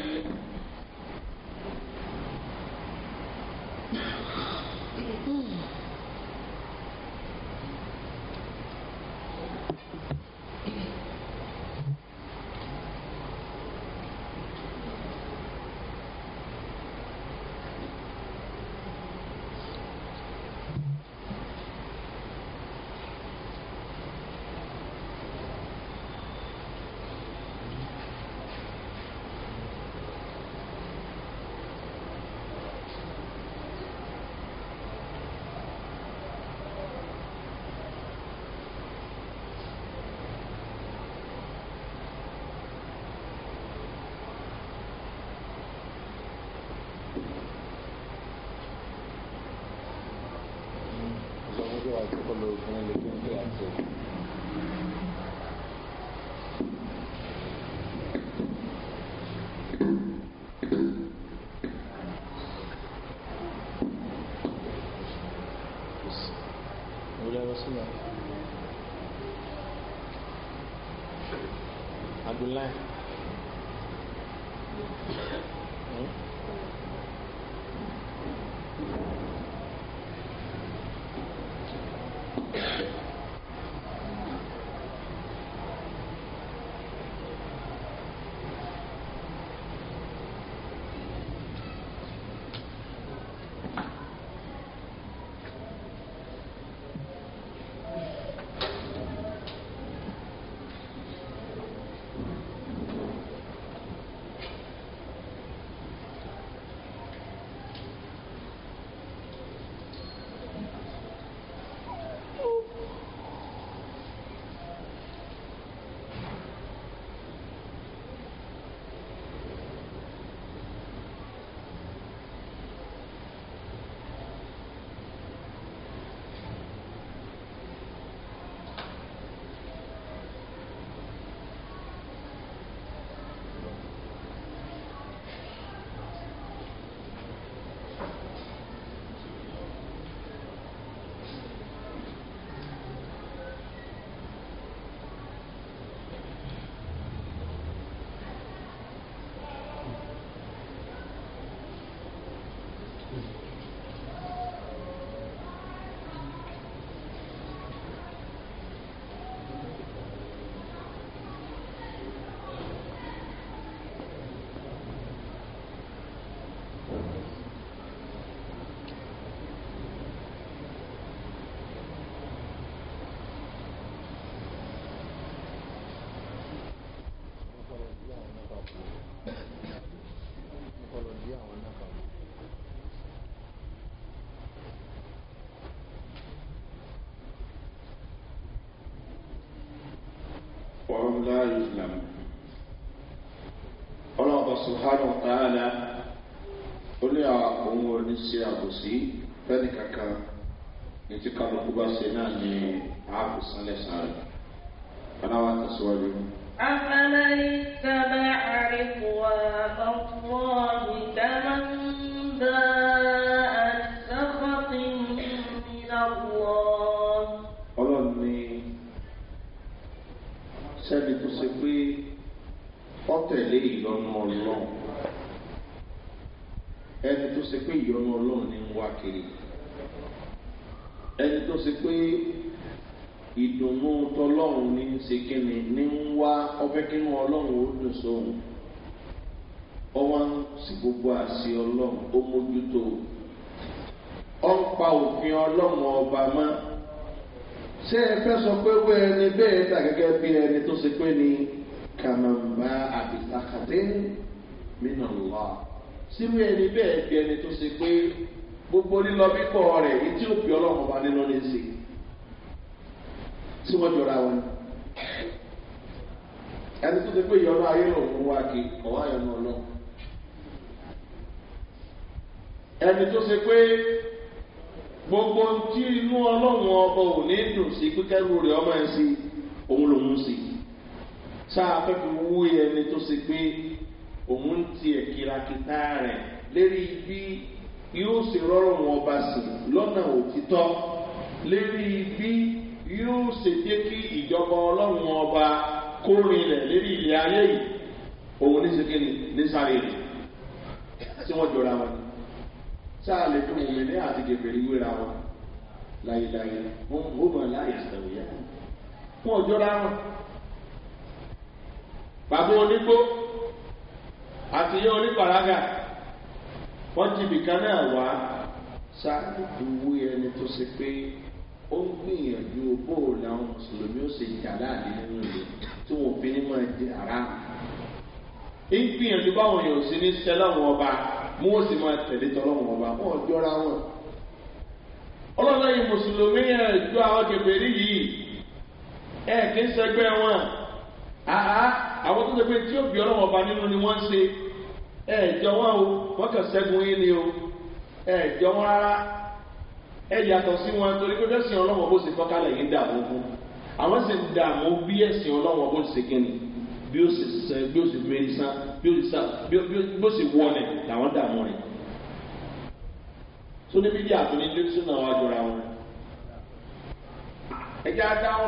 وهم لا يظلمون ha sùhánù tààlà ó ní àwọn oníṣẹ́ àbòsí fẹ́ni kankan ní tí kálukú bá ṣe náà ní ààbò sáré aláwa tó ṣe pé ìdùnnú tọlọ́run ní í ṣe kíni ní ń wá ọbẹ̀ kínú ọlọ́run ó dùn sóhun ọwọ́ ń sì gbogbo àṣì ọlọ́run ó mójútó ọ ń pa òfin ọlọ́run ọba mọ́ ṣé ẹ fẹ́ sọ pé wẹ́ ẹni bẹ́ẹ̀ dà gẹ́gẹ́ bí ẹni tó ṣe pé ni kàmàmbá àbìtàkàdé mìíràn lọ síbẹ̀ ẹni bẹ́ẹ̀ bí ẹni tó ṣe pé gbogbo lílọ bíbọ̀ rẹ̀ èyí tí òbí ọlọ́run bá nínú ní sí tí wọ́n jọra wọn. ẹni tó ti pé ìyọnu ayé lòun wá kí ọ̀wá ìyọnu ọlọ́run. ẹni tó ṣe pé gbogbo tí inú ọlọ́run ọba ò ní dùn sí pípẹ́rù rẹ̀ ọmọ ẹ̀ sí òun lòun sí sáà fẹ́ fi wú ẹni tó ṣe pé òun ń tiẹ̀ kírakítà rẹ̀ lérí bí yóò ṣe rọrùn wọn bá sí lọ́nà òtítọ́ lérí bí yóò ṣe jẹ́ kí ìjọba ọlọ́run ọba kórin rẹ̀ lérí ilé ayé yìí òun ní sèkéni ní sáré rẹ̀ tí wọ́n jọra wọn ni sáà lè fún omi ní àti gèbèrè wéra wọn láyéláyé wọn ò mọ láyé àtàwéyà wọn ò jọra bàbá onígbó àti yẹ onígbàlágà wọ́n jìbì kan náà wá ṣáájú ìwé ẹni tó ṣe pé ó ń gbìyànjú bóò làwọn mùsùlùmí ó ṣe ìjà láàrin nínú ìlú tí wọn fi ní máa di ara. ń gbìyànjú báwọn èèyàn sí ní sẹ́lọ̀wọ̀n ọba mú ó sì máa tẹ̀lé tọ́lọ́wọ̀n ọba wọn jọra wọn. ọlọ́lọ́yin mùsùlùmí ẹ̀ ju àwọn kẹfẹ́rí yìí ẹ̀ kí ń sẹgbẹ́ wọn. àhá àwọn tó ṣe pé tí ó bí ọlọ́wọ̀n ọba nínú ni wọ́n ń ṣe. ẹjọ jọ wọn o wọn kàn sẹ́gun yín ni o ẹjọ wọn rárá ẹ sí wọn torí pé bẹ́sìn ọlọ́wọ́ bó ṣe tọ́kálẹ̀ dààmú fún àwọn sì ń dààmú bí ẹ̀sìn bó ṣe bí ó ṣe sẹ bí ó ṣe mérí bí ó sá bí ó ṣe wọlé làwọn dààmú tó níbi àtúndí tó tún náà wọn náà àwọn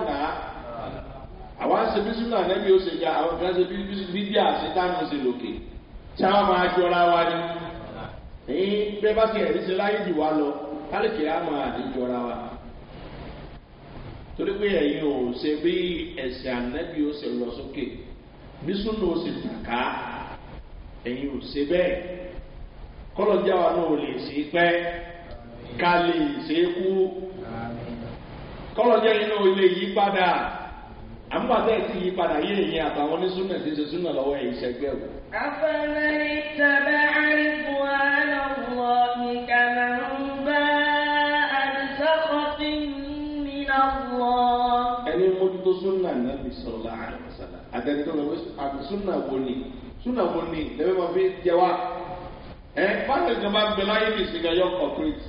náà ó ṣe àwọn kan ṣe bí ṣe tí a máa jọra wa ni ní bẹ́ẹ̀ bá ti ẹ̀rí sí láyé jù wá lọ kálíkì á máa ní jọra wa torí pé ẹ̀yin ò ṣe bí ẹ̀sìn ànábì ó ṣe lọ sókè bí súnà ó sì tàká ẹ̀yin ò ṣe bẹ́ẹ̀ kọ́lọ́jà wa náà ò lè ṣe pẹ́ ká ṣe kú kọ́lọ́jà yìí náà ò lè yí padà àmúbàtà ẹ̀sìn yìí padà yé èyí àtàwọn onísúnà ti ṣe súnà lọ́wọ́ ẹ̀yìn sẹ́gbẹ́ wò. afẹ́mẹ́rin tàbí àríkù àlọ́wọ́ ìkànnà ń bá àdìsọ́kọ̀tì nínú wọ́. ẹni mójútó súnà nàbì sọ̀rọ̀ láàrin ọ̀sán àtẹ̀tẹ̀ lọ́wọ́ súnà wo ni súnà wo ni lẹ́bí máa fi jẹ wá. ẹ báyìí kan bá ń bẹ láyé yọ kọ̀ọ̀kírẹ́tì.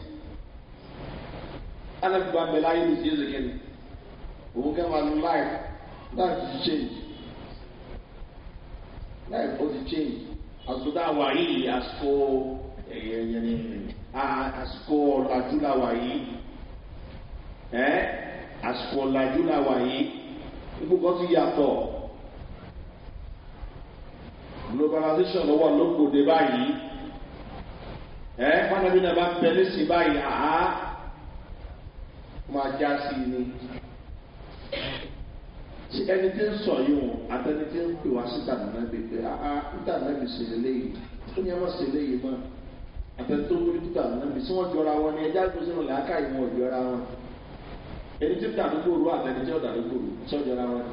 alẹ́ life ti change life ó ti change as tá a wà yìí àsìkò ẹ̀yẹ ẹ̀yẹ ni àsìkò ọ̀làjú la wà yìí ẹ̀ àsìkò ọ̀làjú la wà yìí gbogbo ti yàtọ̀ globalization ló wà lókòdè báyìí eh, náà bá bẹ lẹsìn báyìí àá máa já sí ni tí ẹni tí ń sọ yìí wọn àtẹni tí ń pè wá sí tànàmọ́ ẹbí pé áá ah, ah, tànàmọ́ ẹbí ṣe léyìí ó ní ẹ má ṣe léyìí mọ́ àtẹni tó kúrú tànàmọ́ ẹbí tí wọ́n jọra wọn ni ẹjá gbèsè wọn làákà yìí wọn jọra wọn ẹni tí tàdúgbò rú àtẹni tí ọ̀dàdúgbò rú sọ jọra wọn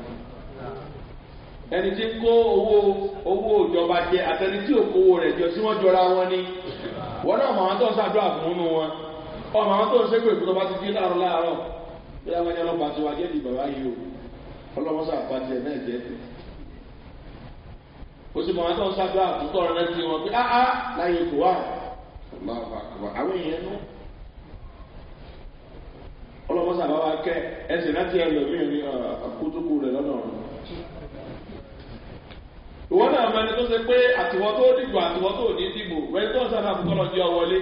ẹni tí ń kó owó owó ìjọba jẹ àtẹni tí ò kówó rẹ jọ tí wọn jọra wọn ni wọn náà màá tó ń ṣàdúrà fún un wọn ọmọ àwọn tó ń ṣépè kó tó bá ti dín láàárọ wọn yẹn ọlọ́mọsá àpàtì ẹ̀ náà jẹ́ pé ó sì mọ àwọn tó ń sábà àtúntò ọ̀rọ̀ náà ti wọn pé áá ah, ah, láyé kò wá àwọn èèyàn nú ọlọ́mọsá àbá wa kẹ́ ẹsẹ̀ láti ẹlòmíì ní àkótókù rẹ̀ lọ́nà ọ̀run. ìwọ náà mọ ẹni tó ṣe pé àtiwọ́ tó dìbò àtiwọ́ tó ní dìbò rẹ̀ tó ń sábà àtúntò ọ̀rọ̀ jẹ́ ọ wọlé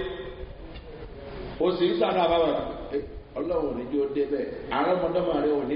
ó sì ń sábà bá wà ọlọ́run ò ní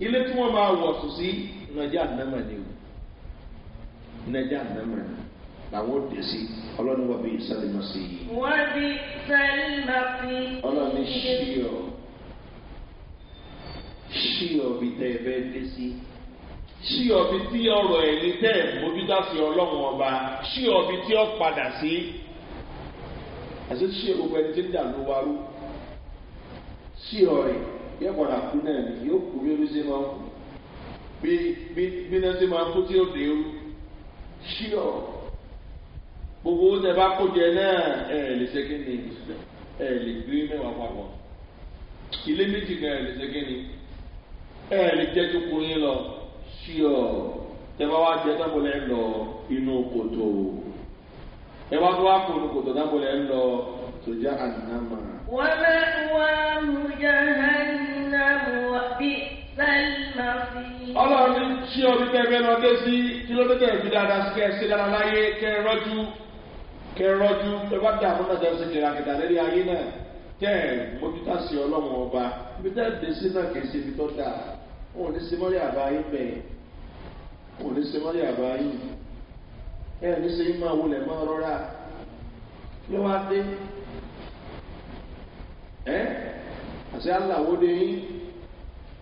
ilé tí wọ́n máa wọ̀ tù sí nàjà nàmà ni o nàjà nàmà ni làwọn ò dé sí ọlọ́ni wọ́n bí sálímà sí i. wọ́n bí sálímà sí i. ọlọ́ni ṣíyọ̀ ṣíyọ̀ bí tẹ́ ẹ bẹ́ẹ̀ dé sí ṣí ọbí tí ọrọ̀ ẹ̀yìn tẹ̀ mójútó sí ọlọ́run ọba ṣí ọbí tí ọ padà sí àti ṣí gbogbo ẹni tí ń dà ló warú ṣí ọ̀rẹ́ yóò padà kú náà ni yóò kú bí omi ṣe máa ń kú bí bí bí náà ṣe máa kú tí ó dé rú ṣíọ gbogbo ó tẹ bá kó jẹ náà ẹ lè ṣe kí ni ẹ lè gbé mẹwàá papọ̀ ilé méjì náà lè ṣe kí ni ẹ lè jẹ́ tó kú yín lọ ṣíọ tẹ bá wá jẹ tábọ̀ lẹ́ lọ inú kòtò ẹ wá tó wá kó inú kòtò tábọ̀ lẹ́ lọ tó jẹ́ àdínàmà. wọ́n máa mú jẹ́ hẹ́ẹ́. ọlọ́run ní tí orí tẹ́gbẹ́ lọ dé sí kílómítà ìbí dáadáa sí kẹ́ẹ̀sì dára láyé kẹ́ẹ̀rọ́jú kẹ́ẹ̀rọ́jú ẹgbẹ́ tí àwọn náà jẹ́ ṣèjìlá kẹta lórí ayé náà ọba ibi dé sí náà ṣe ibi tó dà wọn ò ní àbá yín wọn ò ní àbá yín ẹ ní yín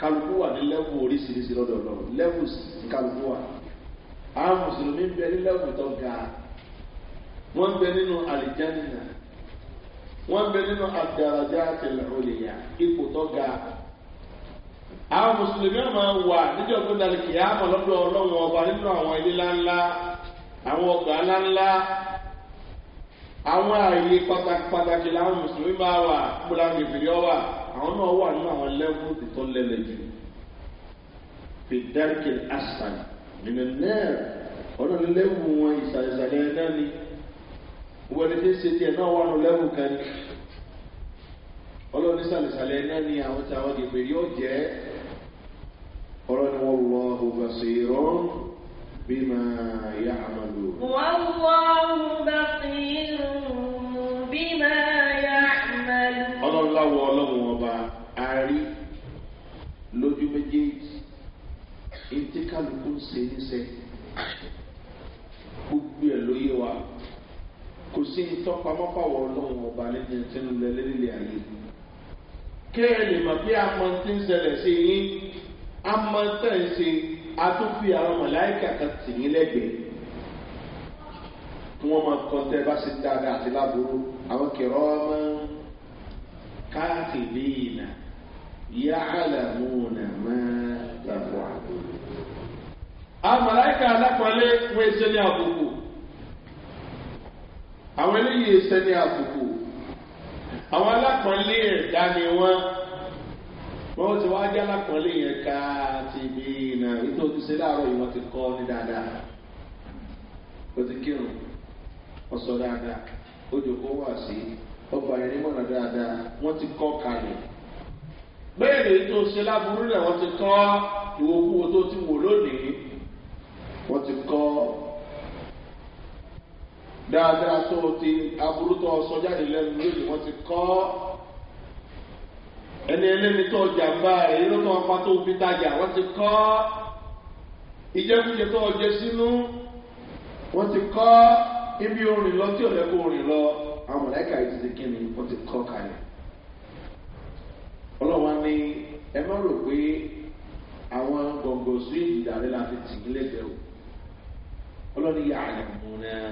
kálukú wà ní lẹ́wù oríṣiríṣi lọ́dọ̀ lọ́wọ́ lẹ́wù tí kálukú wà àwọn mùsùlùmí bẹ ní lẹ́wù tó ga wọ́n bẹ nínú àlìjánìyà wọ́n bẹ nínú àdàràjà àtẹlẹ òlìyà ipò tó ga àwọn mùsùlùmí àmà wà níjọ́ tó dalẹ̀ kìí àmọ̀ lọ́dọ̀ ọlọ́wọ́ ọba nínú àwọn ilé ńláńlá àwọn àwọn ààyè pàtàkì pàtàkì làwọn mùsùlùmí máa wà kúlà gbèbèrè ọwà àwọn náà wà nínú àwọn lẹ́gùn tó lẹ́lẹ̀ jù fìdáríkì asan nínú náà ọ̀nà ní lẹ́gùn wọn ìsàlẹ̀sàlẹ̀ náà ni wọ́n ní tí ń ṣe tiẹ̀ náà wà nù lẹ́gùn kan ni ọlọ́run ní sàlẹ̀sàlẹ̀ ni àwọn tí àwọn gbèbèrè ọ̀jẹ́ ọlọ́run ni wọ́n wọ òbàṣẹ̀ ìrọ̀rùn bí máa yá àmàlù. wọ́n wọ́n ọlọ́láwọ̀ ọlọ́run ọba àárí lójú méjèèjì etí kálukú ń ṣe níṣẹ́ gbogbo ẹ̀ ló yé wa kò sí ìtọ́pamọ́pàwọ̀ ọlọ́run ọba nínú ẹtí ń lẹ lélẹ̀ ayé kéèyàn lè mọ̀ pé amọ̀ntí ń ṣẹlẹ̀ sí yín amọ̀ntẹ́ ń ṣe atúfi àwọn mọ̀láìkà kan tì yín lẹ́gbẹ̀ẹ́ wọ́n máa kọ́ tẹ́ bá ṣe dáadáa àti láburú. àwọn kìrọ ọmọ káàkiri ìnà yà àlàmúnà máa tàbọ̀ àbúrò. àmàlàkà alápàlẹ́ wọ́n ẹsẹ̀ ní àbùkù àwọn eléyìí ẹsẹ̀ ní àbùkù àwọn alápàlẹ́ ẹ̀dá ni wọ́n ti wá jẹ́ alápàlẹ́ ti ti kọ́ ní dada ojoko wà sí ọgbà yẹn nímọ̀nà dáadáa wọ́n ti kọ́ kalẹ̀. bẹ́ẹ̀ lèyí tó ṣe láburú náà wọ́n ti kọ́ ìwòkúwo tó ti wò lónìí wọ́n ti kọ́ dáadáa tó ti aburú tó sọ jáde lẹ́nu lónìí wọ́n ti kọ́ ẹni ẹlẹ́ni tó jàmbá rẹ̀ yìí ló tó ọpa tó fi tajà wọ́n ti kọ́ ìjẹ́kújẹ tó jẹ sínú wọ́n ti kọ́ ibi orin lọ tí òde kò rìn lọ àwọn mọ̀lẹ́kà yìí ti kí ni wọ́n ti kọ́ kalẹ̀. ọlọ́wọ́n ní ẹ má rò pé àwọn gbọ̀ngàn sí ìdàrẹ́ la fi tì í lẹ́gbẹ̀ẹ́ o. ọlọ́ni yà á mú náà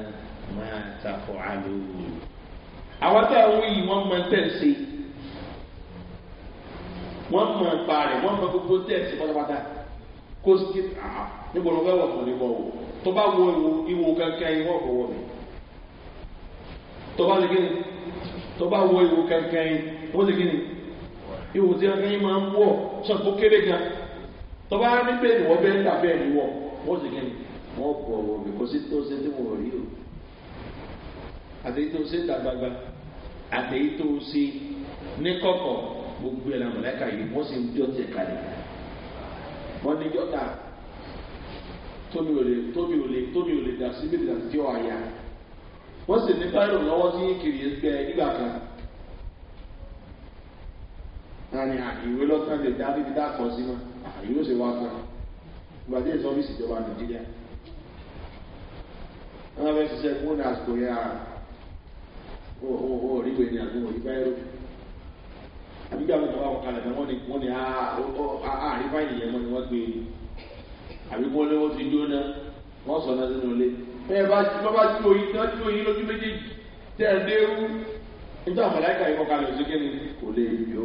máa takọ̀ àlò. àwọn tá a wí yìí wọ́n máa tẹ̀ sí wọ́n máa pa rẹ̀ wọ́n máa gbogbo tẹ̀ sí pátápátá kó sí ah, níbo ló fẹ́ wọ̀ tó níbọ̀ o tó bá wo ìwò kankan ìwọ̀ kọ̀wọ̀ mi tó bá ṣe kíni tó bá wọ ìwò kankan yìí wọ́n ṣe kíni ìwò tí kankan yìí máa ń wọ̀ sọ̀tún kéré gan tó bá ní bẹ́ẹ̀ ni wọ́n bẹ́ẹ̀ ń dà bẹ́ẹ̀ ni wọ̀ wọ́n ṣe kíni wọ́n bọ̀ wọ̀ bí kò sí tó ṣe tí wọ́n rí o àtẹ̀yí tó ṣe dàgbàgbà àtẹ̀yí tó ṣe ní kọ̀kọ̀ gbogbo ẹ̀rọ mọ̀lẹ́kà yìí wọ́n sì ń jọ́ tẹ̀ kalẹ̀ wọ́n ní jọ́ta tómi ò lè tómi ò lè tómi ò lè dà sí méjìlá tí àyà wọ́n sì ní báyìí lọ́wọ́ tí kiri gbẹ nígbà kan nani ìwé lọ́tàn lè dá níbi dákọ̀ sí mọ́ àyè ó sì wá kan ìgbà tí èso ọ́fíìsì ìjọba nàìjíríà wọ́n fẹ́ ṣiṣẹ́ fún ní àsìkò yẹn à ó rí ìwé ní àdúgbò yìí báyìí lọ́wọ́ nígbà tó bá wọ̀ kalẹ̀ wọ́n ni wọ́n ni àárín báyìí yẹn wọ́n ni wọ́n gbé e. àbí wọ́n lé wọ́n ti dúró náà wọ́n sọ náà sínú ilé bẹ́ẹ̀ bá bá jó yín tán jó yín lójú méjèèjì tẹ́ ẹ léwu nígbà mọ̀láìkà yìí kọ́kalẹ̀ òṣèké ni kò lè yó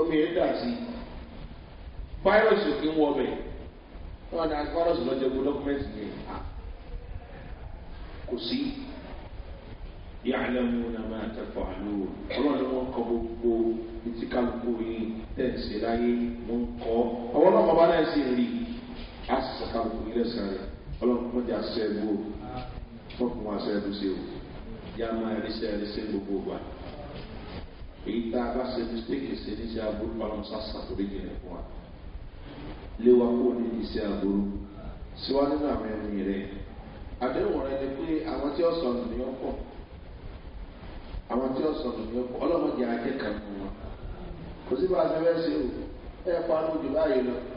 omi yẹn dà sí fáírọ̀sì òkè ń wọ ọbẹ̀ wọn dà fáírọ̀sì lọ́jọ́ gbogbo dọ́kúmẹ́ntì yẹn kò sí yàlẹ́mu na máa tẹ̀fọ́ àlò ọlọ́run wọn kọ gbogbo etí kálukú yìí tẹ̀sí láyé wọn kọ́ àwọn ọlọ́mọba náà sì rí i. a sì sàkàlù fún ilé sàn rẹ̀ ọlọ́run kọ́ jà sẹ́ o gbogbo wa èyí tá a bá ṣe ní sẹ́ aburú palọ́n sàṣà torí fún wa kó ní ní aburú àdéhùn ni pé àwọn tí ó sọnù ní àwọn tí ó sọnù ní ọlọ́run ajẹ́ kan fún wa kò sí bá a fẹ́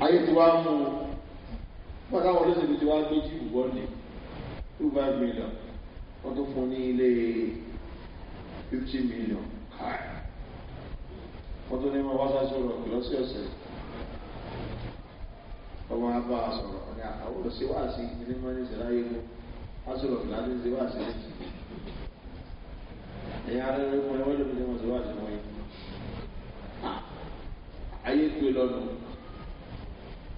ayé ti wá mú un wọ́n káwọn olóṣèlú ti wá gbé jíìpù bọ́ọ̀lì two five million wọ́n tó fún ní ilé fifty million káì wọ́n tó ní ma wá sá sọ̀rọ̀ lọ́sọ̀ọ̀sẹ̀ ọmọ abá sọ̀rọ̀ ní ah, àwọn olùsíwáàsí ní mọ́nísẹ̀ láyé mú wá sọ̀rọ̀ láti ń síwáàsí létí ẹ̀yà arẹ́rẹ́ mọ́ ẹwọ́n lóbi ní wọ́n síwáàsí wọ́n yìí ayé pé lọ́nà.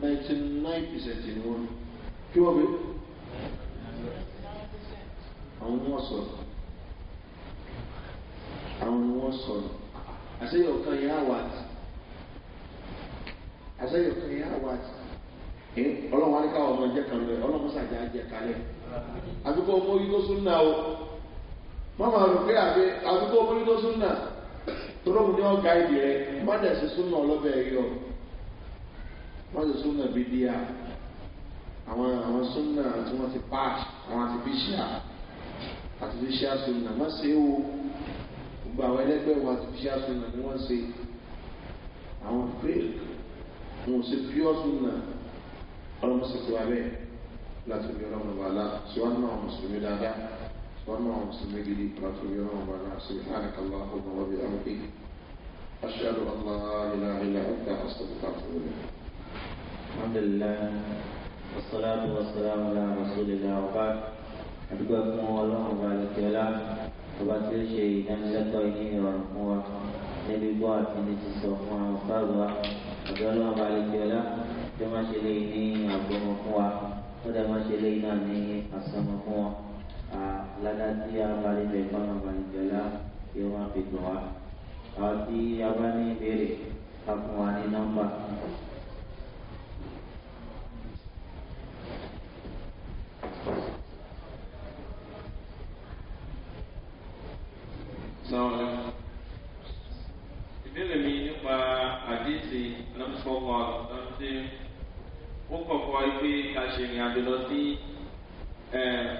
99% ni wọ́n kí wọ́n bẹ àwọn ni wọ́n sọ̀rọ̀ àwọn ni ya sọ̀rọ̀ àṣeyọ̀ kan yẹn á wà tì káwọn ọmọ jẹ́ kan lọ ọlọ́run sàjà jẹ kalẹ̀ àdúgbò ọmọ yìí tó o rò pé àbí wọ́n ti súnà bídíà àwọn àwọn súnà tí wọ́n ti pass àwọn artificial artificial súnà wọ́n ṣe é wo gbogbo àwọn ẹlẹ́gbẹ́ wọn artificial súnà ni wọ́n ṣe àwọn fake wọn ò ṣe pure súnà ọlọ́mọ sì ti wá bẹ́ẹ̀ láti bí ọlọ́mọ bá la síwájú àwọn mùsùlùmí dáadáa síwájú àwọn mùsùlùmí gidi láti bí ọlọ́mọ bá la sí àdàkàlá ọgbọ̀n wọ́n bí ọmọ pé aṣáájú ọlọ́mọ ilá ilá ọgbà ọ̀sán tó kà fún mi. الحمد لله والصلاة والسلام على رسول الله وبعد أدعو أكم الله وبارك الله وبعد شيء ينلقى إليه ورحمه نبي بعد من تسوق وفاضوا أدعو الله وبارك الله كما شليني أبو مقوى كما شلينا ني أسمى مقوى ládàtí abalẹ̀ bẹ̀ kọ́nà balẹ̀jọ́lá tí wọ́n fi dùn wá. àwọn tí a bá ní ìbéèrè ká fún wa ní nọ́mbà sọ́wọ́n ìbéèrè mi nípa àdéhìí alámùsọ̀wọ́ àgùntàn tí ó kọ̀kọ́ pé ká ṣe ìrìn àjò lọ sí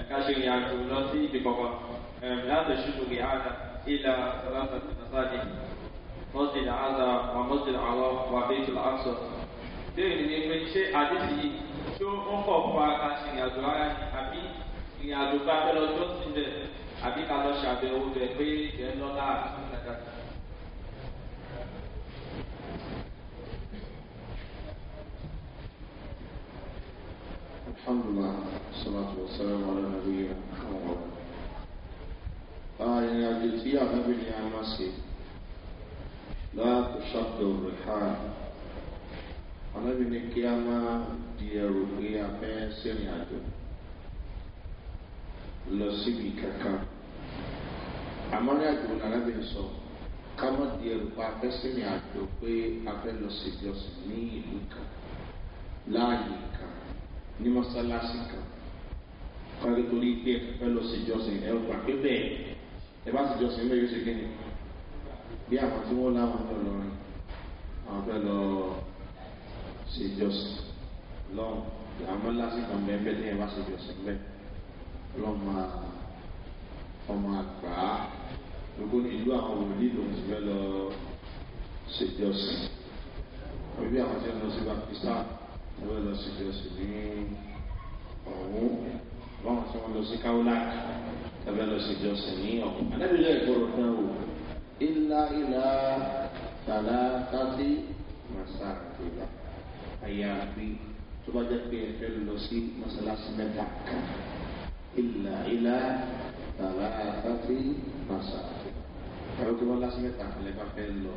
ká ṣe ìrìn àjò lọ sí ibi kọ̀kọ̀ láti ṣubú rí àdá ilà sàlásà nàṣàdì mọ́sí àzà wà mọ́sí àwọ̀ wà bẹ́ẹ̀tù àṣọ. bẹ́ẹ̀ ni pé ṣé àdéhìí tí ó ń kọ̀kọ́ ká ṣe ìrìn àjò rárá yìí ìrìn àjò bá fẹ́ lọ tó àbí ká lọ ṣàbẹ̀wò bẹ̀ pé ìjẹ́ lọ́la àti الحمد لله والصلاة والسلام على نبينا محمد آية الجزية نبي المسيح لا تشد الرحال أنا بني كياما ديرو كياما سيني عدو lọ síbi kankan àmọ́rí àjò nàlábìnrin sọ ká mọ̀ di ẹrù pa afẹ́sìnrìn àjò pé afẹ́ lọ síbi ọ̀sìn ní ìlú kan láàyè kan ní mọ́sálásí kan kọ́ni torí pé ẹ fẹ́ lọ sí ìjọsìn ẹ gbà pé bẹ́ẹ̀ ẹ bá sì jọsìn bẹ́ẹ̀ yóò ṣe kí bí àwọn tí wọ́n láwọn ní ọlọ́rin àwọn fẹ́ lọ sí ìjọsìn lọ́wọ́ àmọ́ lásìkò mẹ́ẹ̀ẹ́dẹ́gbẹ̀ẹ́ bá sì jọsìn bẹ́ẹ̀ ọlọ́mọ ọmọ àgbà gbogbo ìlú àwọn wòlíì lòun ti fẹ́ lọ ṣèjọsìn wọ́n bí àwọn tí wọ́n lọ sí pakistan wọ́n lọ ṣèjọsìn ní ọ̀hún báwọn tí wọ́n lọ sí kaulak wọ́n fẹ́ lọ ṣèjọsìn ní ọ̀hún. anábìlẹ̀ ìgbọ́rọ̀ náà wò ilá ilá tàlá tàbí màsà ìlà àyàfi tó bá jẹ́ pé ẹ fẹ́ lọ sí mọ́sálásí mẹ́ta kan ìlà ila tààrà àtàtì màṣà. Ẹ̀rọ tí wọ́n lásán mẹ́ta àfẹ́lẹ́ bá fẹ́ lọ,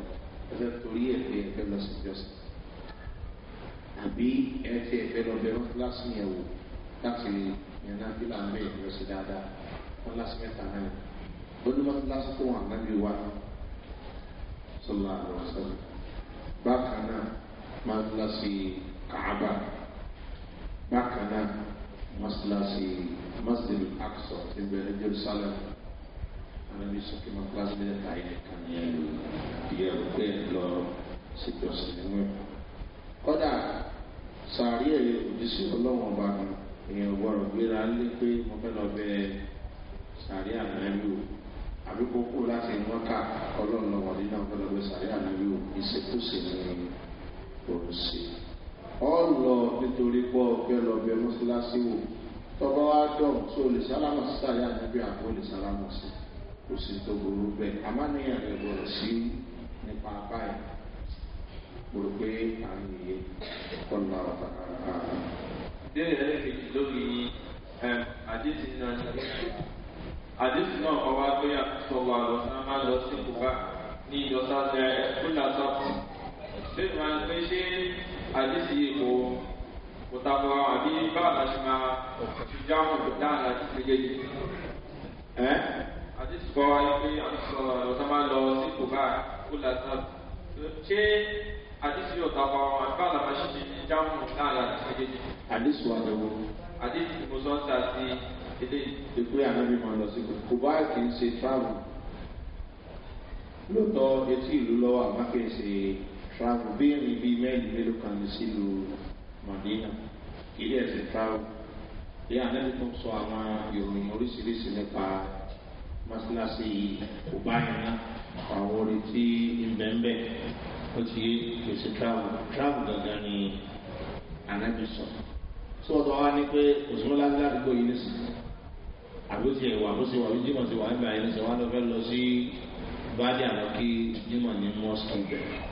ẹ fẹ́ torí ẹ̀ pé ẹ fẹ́ lọ sí ìjọsìn. Àbí ẹ ti ẹ fẹ́ lọ bẹ wọn kíláàsì yẹn wò láti yẹn náà bí làwọn bẹ̀rẹ̀ lọ sí dáadáa. Wọ́n lásán mẹ́ta náà. wa sọlá àwọn sọlá. Bákan masilasi masjid akso di jerusalem anabi sọkè ma kílásì bẹ́ẹ̀ ta yẹn kàn yẹn lò ìyẹ òkè lọ síjọsìn nínú ẹ̀ kọ́dà sàárì ẹ̀ òjísé viral, ọba nù èèyàn gbọ́dọ̀ gbéra lé pé mo fẹ́ lọ bẹ sàárì ànábi o àbí kókó láti mọ́ká ọlọ́run lọ́wọ́ nínú ọ̀gbọ́dọ̀ bẹ sàárì ànábi o ìṣekúṣe ni òun ṣe ọlọ nítorí pọ ọgbẹ lọbẹ mọsálásí wò tọba wa dọm tó olè sálámà sáyà níbi àbọ olè sálámà sí kò sí tó burú bẹ àmàlẹyìn rẹ bọrọ sí nípa báyìí gbòòrò pé àmì yẹ kọ ní àwọn bàbá rẹ. ìbéèrè rẹ kejì lórí àdéhùn náà ní àdéhùn náà kọ wá pé àtúntò wà lọ sí máa lọ sí kùbá ní ìjọsà ẹ kúlà sọkùn. ṣé ìmọ̀ àgbẹ̀ ṣe àdìsí ipò òtàkùn àwọn àbí bá àlàṣe máa fi jáàmù dáhùn àti ìgbéyé ẹ́ àdìsí kọ́ wáyé pé àdìsí ọ̀tá máa lọ sí ipò báà kó làtà ṣé àdìsí òtàkùn àwọn àbí bá àlàṣe máa fi jáàmù dáhùn àti ìgbéyé. àdìsí wa lọ wo. àdìsí ìmọ̀sọ́nsá sí ilé ìpè ànábì máa lọ sí ipò kò bá kì í ṣe fáàmù lóòótọ́ etí ìlú lọ́wọ́ àmọ́ kì í ṣe travel béèrè bíi mẹ́rin melhor kan ní sílùú mọ̀dínà ilé ẹ̀sìn travel bí anábì tó ń sọ àwọn ìròyìn oríṣiríṣi nípa mọ́síláṣí ọ̀báyìnà àwọn orí tí ń bẹ́ńbẹ́ ó ti pèsè travel travel gangan ni anábì sọ a wọ́n Só wá ní pé òṣùwọ́n lágbára àdúgbò yìí nísìnyí àbí ó ti ẹ̀wà bó ṣe wà bí jimoh ti wà ń bẹ àyẹ̀wò ṣe wà lọ́fẹ́ lọ sí báàdì àlọ́kí jimoh ní mọ́sítì bẹ̀rẹ̀.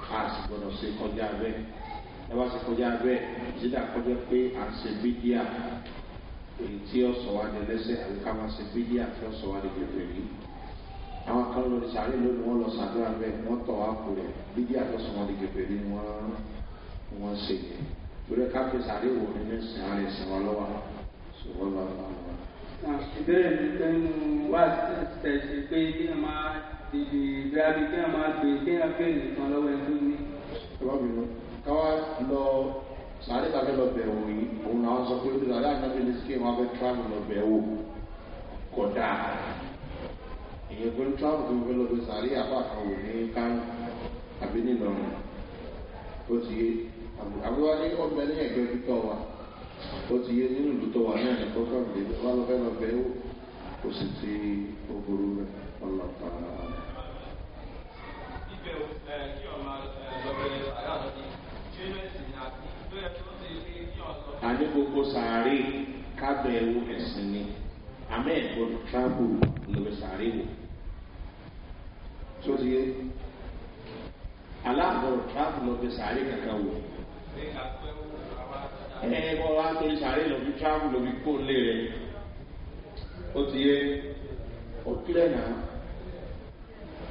a sì gbọdọ̀ ṣe kọjá bẹ́ẹ̀ ẹ bá ṣe kọjá bẹ́ẹ̀ ìdílé àkọjọ pé à ń ṣe bídíà èyí tí ó sọ wá di lẹ́sẹ̀ àbí ká máa ṣe bídíà tí ó sọ wá di gbèbè rí àwọn kan lórí sàárè lónìí wọn lọ sàdúrà bẹ́ẹ̀ wọ́n tọ̀ wá kú rẹ̀ bídíà tó sọ wá di gbèbè rí wọ́n wọ́n ṣe yẹn torí ká sàárè wò ní ní sìn àrẹ sìn wọn lọ́wọ́ ṣùgbọ́n lọ́wọ́. ìbéèrè mi ibi ìgbéyàwó kí wọ́n máa gbé kí wọ́n fẹ́ nìkan lọ́wọ́ ẹ̀ fún mi. ìwádìí káwá lọ sàárè tàbí lọ bẹ̀wò yìí òun náà sọ pé olùdó àdá àná bíi lẹ́sìkè wọn fẹ́ tíráàmù lọ bẹ̀wò kọ̀dà ìyẹn pé tíráàmù tó fẹ́ lọ bẹ sàárè àbá kan wò ní kánú àbí nìlọrin ó ti yé àbúrò ní ọgbẹ ní ẹgbẹ pítọ wa ó ti yé nínú ìlú tó wà náà ní kọkànlélẹ wọn lọ fẹ́ lọ bẹ̀wò kò sì ti ó rẹ ọlọpàá. pé kí ọmọ lọ́bẹ̀rẹ̀ sàárà lọ ni àmẹ́ ẹ̀gbọ́dọ̀ travel lọ́bẹ̀ sàárè wò tó ti yẹ aláàbọ̀rọ̀ travel kaka sàárè kankan wò. ẹ ẹ bọ́ wá torí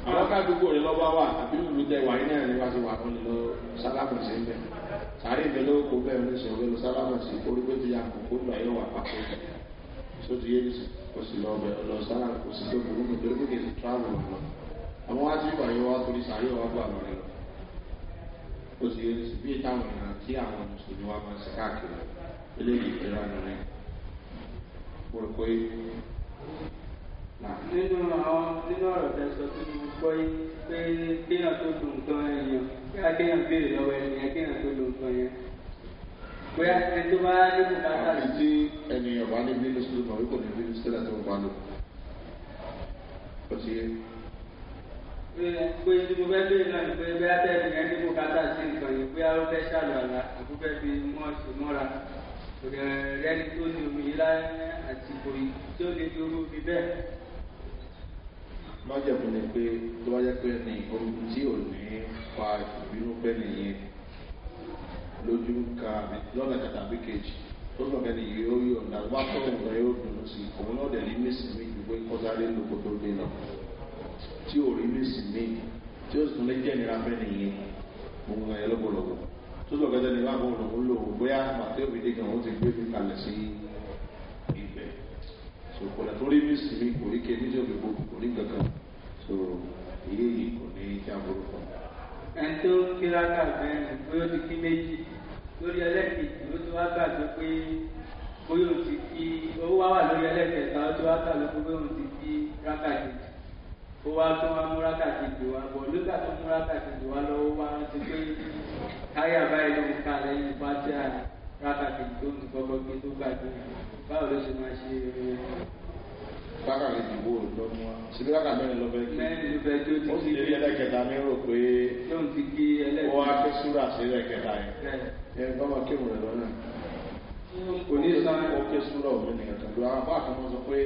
àwọn kádùúgbò rẹ lọ́ba wà àbí ìlú jẹ wà iná ẹ̀rí wá sí wà fún ìlú sálámù sí ń bẹ̀ sáré mi ló kó bẹ́ẹ̀ ní sọ̀rọ̀ ló sálámù sí orúkọ ti ya kókó lọ yóò wà pàtó tó ti yé nìsí kó sì lọ bẹ̀ lọ sálámù kó sì tó burú mi torí kò kì í tíráàmù lọ àwọn wá sí ìgbà yóò wá torí sáré wà gbà lọ rẹ kó sì yé nìsí bí táwọn èèyàn tí àwọn mùsùlùmí wa máa ń káàkiri eléyìí ìlera nìyẹn kó nínú àwọn nínú ọ̀rọ̀ tẹ sọ tó ti gbọ́ yìí pé kéèyàn tó dùn nǹkan ẹ̀yàn kíá kéèyàn béèrè lọ́wọ́ ẹ̀yàn kéèyàn tó dùn nǹkan yẹn. bóyá ẹni tó bá ní kò bá tà lù. àti ènìyàn bá ní bínú sílùú màá kò ní bínú sílẹ̀ tó ń bá lò. ó ti pé tí mo fẹ́ béèrè náà ni pé bóyá tẹ́lẹ̀ yẹn ní kò bá tà sí nǹkan yẹn bóyá ó fẹ́ ṣàlù àlà àbúfẹ́ fi mọ́ọ̀sì mọ́ra tó ní omi yìí láyé àtìkò yìí tí ó lè fi orú májẹ̀mú ni pé tó bá jẹ́ pé ní orúkú tí ò ní fa ìbínú pẹ́ nìyẹn lójú ka lọ́nà kàtà bí kejì tó lọ́nà ni yóò yọ̀ ọ̀dà wá tọ́wọ̀n rẹ̀ yóò dùn sí òun náà dẹ̀ ní mísìmí ju pé kọ́tà lé lóko tó gbé lọ tí ò rí mísìmí tí ó sùn lé jẹ́ nira pẹ́ nìyẹn òun náà yẹ lọ́gbọ̀lọ́gbọ̀ tó lọ́gọ́dẹ́ ni wàá bọ̀ ọ̀nà òun lò bóyá màtí òbí dé gan òun ti gbé mi kalẹ̀ sí òkúta tó rí mí sí mi kò rí kéde tí òkè gbogbo kò rí kankan so ilé yìí kò ní kí a burú fún. ẹni tó kíra kà mẹ́rin bóyá ó ti kí méjì lórí ẹlẹ́kìtì ló ti wá gbàgbé pé bóyá ó ti kí owó wá wà lórí ẹlẹ́kẹta ó ti wá gbà ló bóyá ó ti kí rákàtì ó wá tó wá mú rákàtì dè wá bọ̀ lókà tó mú rákàtì dè wá lọ́wọ́ wá rántí pé táyà báyìí ló ń kà lẹ́yìn pátí àná rákà kejì tó ń kọ́kọ́ gbé tó gbàgbé báwo ló ṣe máa ṣe rákà kejì wo lọ mú wa ṣe rákà mẹ́rin lọ bẹ́ẹ̀ kí mẹ́rin ló bẹ́ẹ̀ tó ti kí ó sì lè rí ẹlẹ́kẹta mi rò pé tó ń ti kí ẹlẹ́kẹta ó wá ké súrà sí ẹlẹ́kẹta yẹn ẹ bá máa kírun rẹ lọ́nà kò ní sáré kó ké súrà òun ní ẹ̀ka lọ àwọn bá kan sọ pé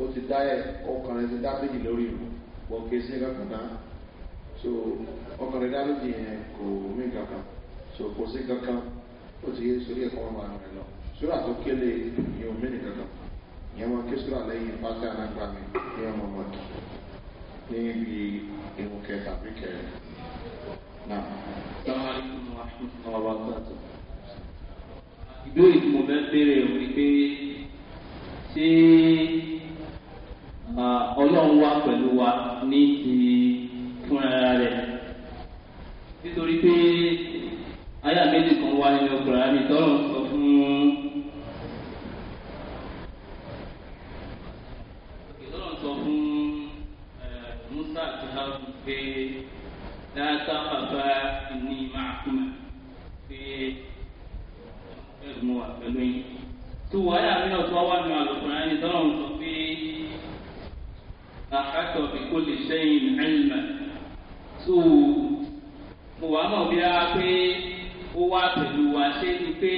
ó ti dá ẹ ọkùnrin ti dá méjì lórí ìlú bọ̀ ké sí ẹ̀ka kan náà so ọkùnrin dá méjì yẹn kò ó ti yé sórí ẹ̀kọ́ ọmọ àwọn ẹ̀ lọ sóra tó kéle ìyẹn omi nìkan kan ìyẹn wọn ké sóra lẹ́yìn pátá anágbá mi ní ọmọ ọmọ tó níbi ìwọ̀n kẹta àbí kẹrin náà. sọ́wọ́n aláìkùn wa fún ọba gbàtò. ìbéèrè tí mo fẹ́ béèrè wí ṣé ọlọ́run wá pẹ̀lú wa ní ti fúnra rẹ̀ nítorí pé ayé àméjì kan wá nínú kùránì tọ́lọ̀ ń sọ fún. tọ́lọ̀ ń sọ fún eh, musa àti harun pé dáadáa bàbá ìní máa kú mà pé ẹ̀gbọ́n wà pẹ̀lú yín. tó wọ́n ayé àméjì kan wá nínú bí a pé ó wá pẹ̀lú wa ṣé ni pé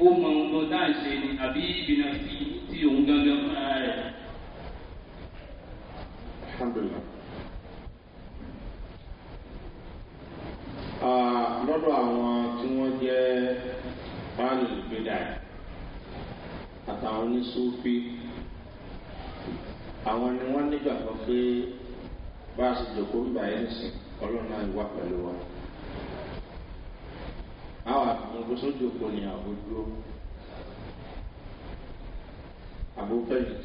ó mọ ohun tó dá ìṣe ni àbí ìbìnà sí ti òun gangan fúnra rẹ̀. lọ́dọ̀ àwọn tí wọ́n jẹ́ fáàlì ìgbéga àtàwọn oníṣòfì àwọn ni wọ́n nígbàgbọ́ pé bá a ṣe jòkó ń bàyẹ̀ ń sìn ọlọ́run náà wà pẹ̀lú wa àwọn àtàwọn ọgbọ́n sójú òpó ni àbójú àbófẹ́yìn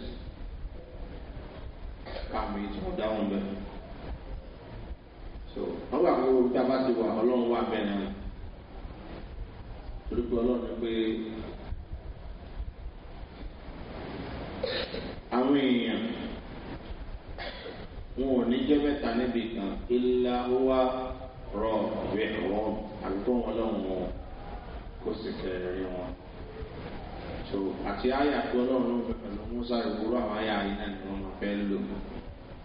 kàmì ìtàn dáhùn bẹ́ẹ̀. so wọ́n gbà pé gbogbo abá ti wà ọlọ́run wà bẹ́ẹ̀ náà torí pé ọlọ́run pé àwọn èèyàn wọn ò ní jẹ́ mẹ́ta níbi kan ilá ó wá rọ́ọ̀ àbí ẹ̀wọ́ àbí tó wọn lọ́wọ́ wọn kó sì kẹrẹ wọn. so àti àyà tó lọ́wọ́ pẹ̀lú musa ìwúrọ̀ àwọn àyà yìí náà ni wọ́n máa fẹ́ lò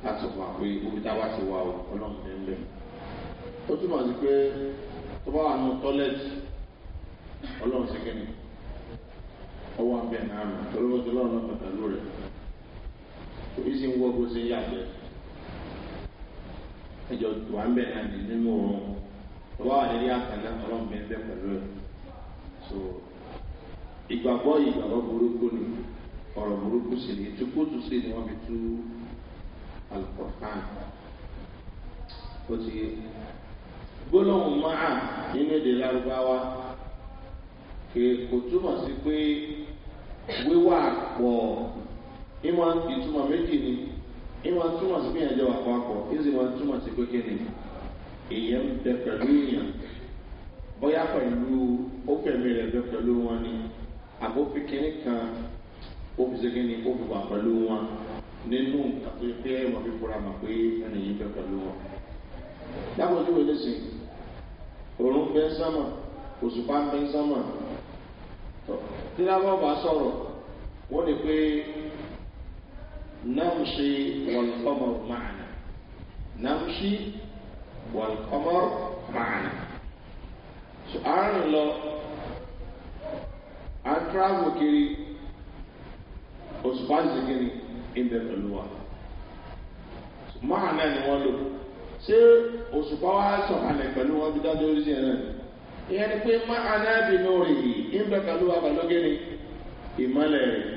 láti wà pé omi táwa ti wà ó ọlọ́run ní ń bẹ̀. ó túmọ̀ sí pé tó bá wà nù tọ́lẹ̀tì ọlọ́run sí kí ni ọwọ́ abẹ́ náà rẹ̀ torí wọ́n ti lọ́run náà pàtàkì rẹ̀ òbí sì ń wọ́ bó ṣe ń yàgbẹ́ ẹjọ wà ń bẹ náà ní nínú òun ọba wà nílé àkànná ọlọ́run bẹ ń bẹ pẹ̀lú ẹ̀ so ìgbàgbọ́ ìgbàgbọ́ burúkú ni ọ̀rọ̀ burúkú sì ni ìtukútù sí ni wọ́n fi tú alukọ̀fán ó ti gbólóhùn máa nínú èdè lárúbáwá kò túmọ̀ sí pé wíwà pọ̀ ìmọ̀ ìtumọ̀ méjì ni ìwà túmọ̀ sí pé ìyànjẹ́ wà papọ̀ ìsì wà túmọ̀ sí pé kéde ìyẹn ń bẹ pẹ̀lú èèyàn bóyá pẹ̀lú ó pẹ̀lú rẹ̀ bẹ pẹ̀lú wọn ni àbófin kínní kan ó ni ṣe kínní ó fi wà pẹ̀lú wọn nínú nǹkan tó yẹ pé wọn fi fura mà pé ẹnìyí bẹ pẹ̀lú wọn. dábòjú wo lẹ́sìn òórùn bẹ́ sánmà òṣùpá bẹ́ sánmà tí lábọ́ bá sọ̀rọ̀ wọ́n ní pé. نمشي والقمر معنا نمشي والقمر معنا سبحان and travel kiri òṣùpá sì kiri ibẹ̀ ni wọ́n lò ṣé òṣùpá wa sọ̀kalẹ̀ pẹ̀lú wọn bí dájọ́ orí sí ẹ̀rọ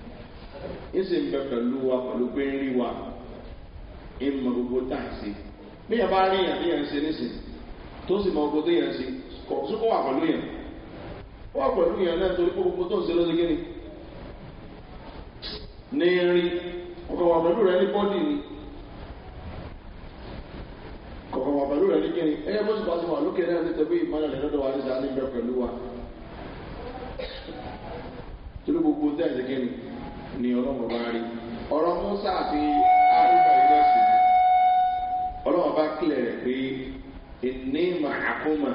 ìsì ń bẹ pẹ̀lú wa pẹ̀lú pé ń rí wa ń mọ gbogbo tá à ń ṣe bí yẹn bá rí yẹn bí yẹn ń ṣe nísìnyí tó sì mọ gbogbo tó yẹn ń ṣe kò sí kó wà pẹ̀lú yẹn wà pẹ̀lú yẹn náà torí pé gbogbo tó ń ṣe ló kí ni ní rí ọkọ̀ wà pẹ̀lú rẹ ní bọ́dì ni kọ̀ọ̀kan wà pẹ̀lú rẹ ní kí ni ẹ̀yẹ́ bó sì bá ti wà lókè náà ní tẹ̀wé ìmọ̀lẹ̀ lọ́dọ̀ wa ní sàn ní bẹ pẹ̀lú wa torí gbogbo tẹ̀ ṣe kí ni ni ọlọ́run bá rí ọ̀rọ̀ musa àti arúgbó ilẹ̀ sí i ọlọ́run bá kílẹ̀ rẹ̀ pé ìní màákùmá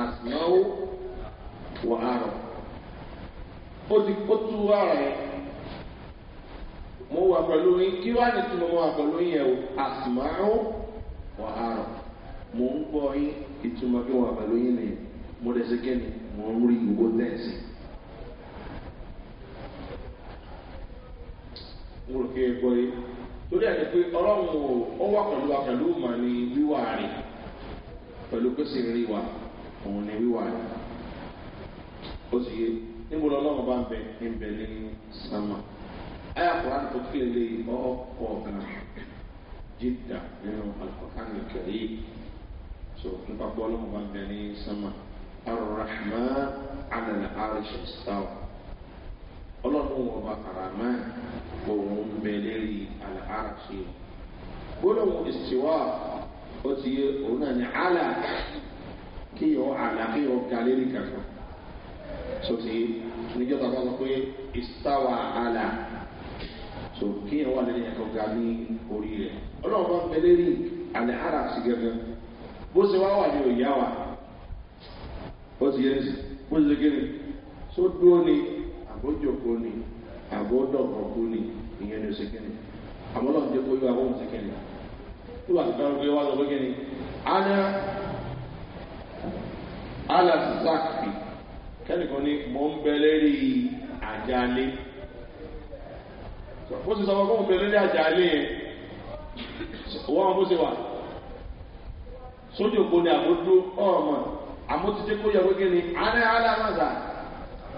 àtúnáwó wà á rọ̀ ó ti kó tú ara yẹn mo wà pẹ̀lú yín kí wàá ní tí mo wà pẹ̀lú yín yẹn o àtúnáwó wà á rọ̀ mo ń gbọ́ yín ìtumọ̀ kí wà pẹ̀lú yín nìyẹn mo dẹ̀ ṣe kẹ́ni mo ń rí ìwó tẹ̀sí. mo rò kéré gbọ́ yé torí àti pé ọlọ́run ò ó wà pẹ̀lú wa pẹ̀lú mà ní wíwà rẹ̀ pẹ̀lú pé sì rí wa òun ní wíwà rẹ̀ ó sì yé níbo lọ́lọ́run bá ń bẹ ń bẹ ní sámà ayé àkùrán tó kílè lé ọkọ̀ ọ̀gá jíjà nínú alùpàkàn kẹrì so nípa pé ọlọ́run bá ń bẹ ní sámà arọ̀ràhàmà ànàlà àrẹ̀ṣẹ̀ sáwà ọlọ́run ọba karama òun mẹlẹ́rì àlàáràṣe gbólóhùn ìṣèwà ó ti yé òun náà ní àlà kí yọ àlà kí yọ ga lérí kankan so ti níjọ́ tàbá sọ pé ìsáwà àlà so kí yọ wà lẹ́yìn ẹ̀kọ́ ga ní orí rẹ̀ ọlọ́run ọba mẹlẹ́rì àlàáràṣe gẹ́gẹ́ bó ṣe wá wà ní òyà wa ó ti yé bó ṣe gẹ́gẹ́ so dúró ni àbójòkó ni àbódọ̀kọ̀kú ni ìyẹn ní oṣù kẹ́ni àmọ́ náà jẹ́ kó yọ àwọn oṣù kẹ́ni tó wà nípa ọgbẹ́ wa lọ lókè ni ana alasakpi kẹ́nìkan ni mò ń bẹ lérí àjálé ó ti sọ fún mò ń bẹ lérí àjálé yẹn wọ́n mú sí wa sójú òpó ni àbójú ọ̀ọ́mọ̀ àmójútó kó yọ lókè ni ana alamaza.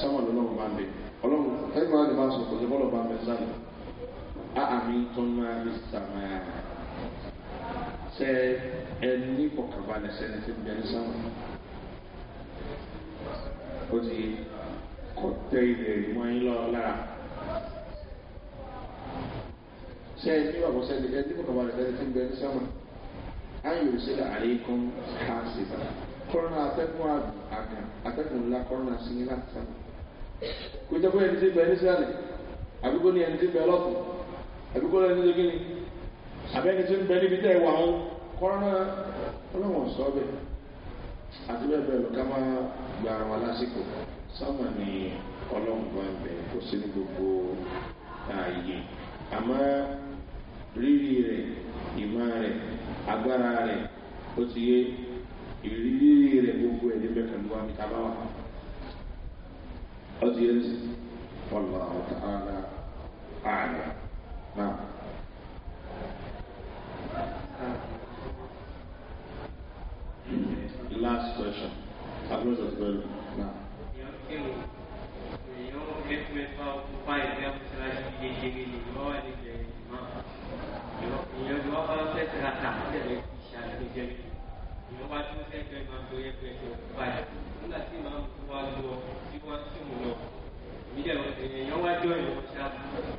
sáwọn ọlọ́run bá ń bẹ ọlọ́run ẹgbẹ́ wọn ti bá sọ kò sí bọ́ọ̀lù bá ń bẹ sáyẹn á àmì tó ń máa ní sàmà sẹ ẹni kọkànbalẹ̀ sẹni tí ń bẹ ní sáwọn ó ti kọ tẹ ilẹ̀ ìmọ̀ yín lọ lára sẹ ẹni wà bọ́ sẹni ẹni kọkànbalẹ̀ sẹni tí ń bẹ sáwọn ayò sílẹ̀ àríkún ká bá kọ́ńtà atẹ́kùn àgbà atẹ́kùn ńlá kọ́ńtà sí ńlá sáwọn. kó jẹ́ pé ẹni tí bẹ nísàlẹ̀ àbí kó ní ẹni tí ni tí ń bẹ níbi tẹ́ ìwà wọn kọ́rọ́nà ọlọ́wọ̀n sọ bẹ́ẹ̀ àti bẹ́ẹ̀ bẹ́ẹ̀ lọ ká máa gba ara wa ni ọlọ́run bá kó sí ní gbogbo gbogbo ẹ̀ níbẹ̀ pẹ̀lú audience wallahu تعالى a'lam نعم. last question abúlé ọ̀sẹ̀ pẹ̀lú náà. èèyàn kéré èèyàn wájú ọ̀yọ́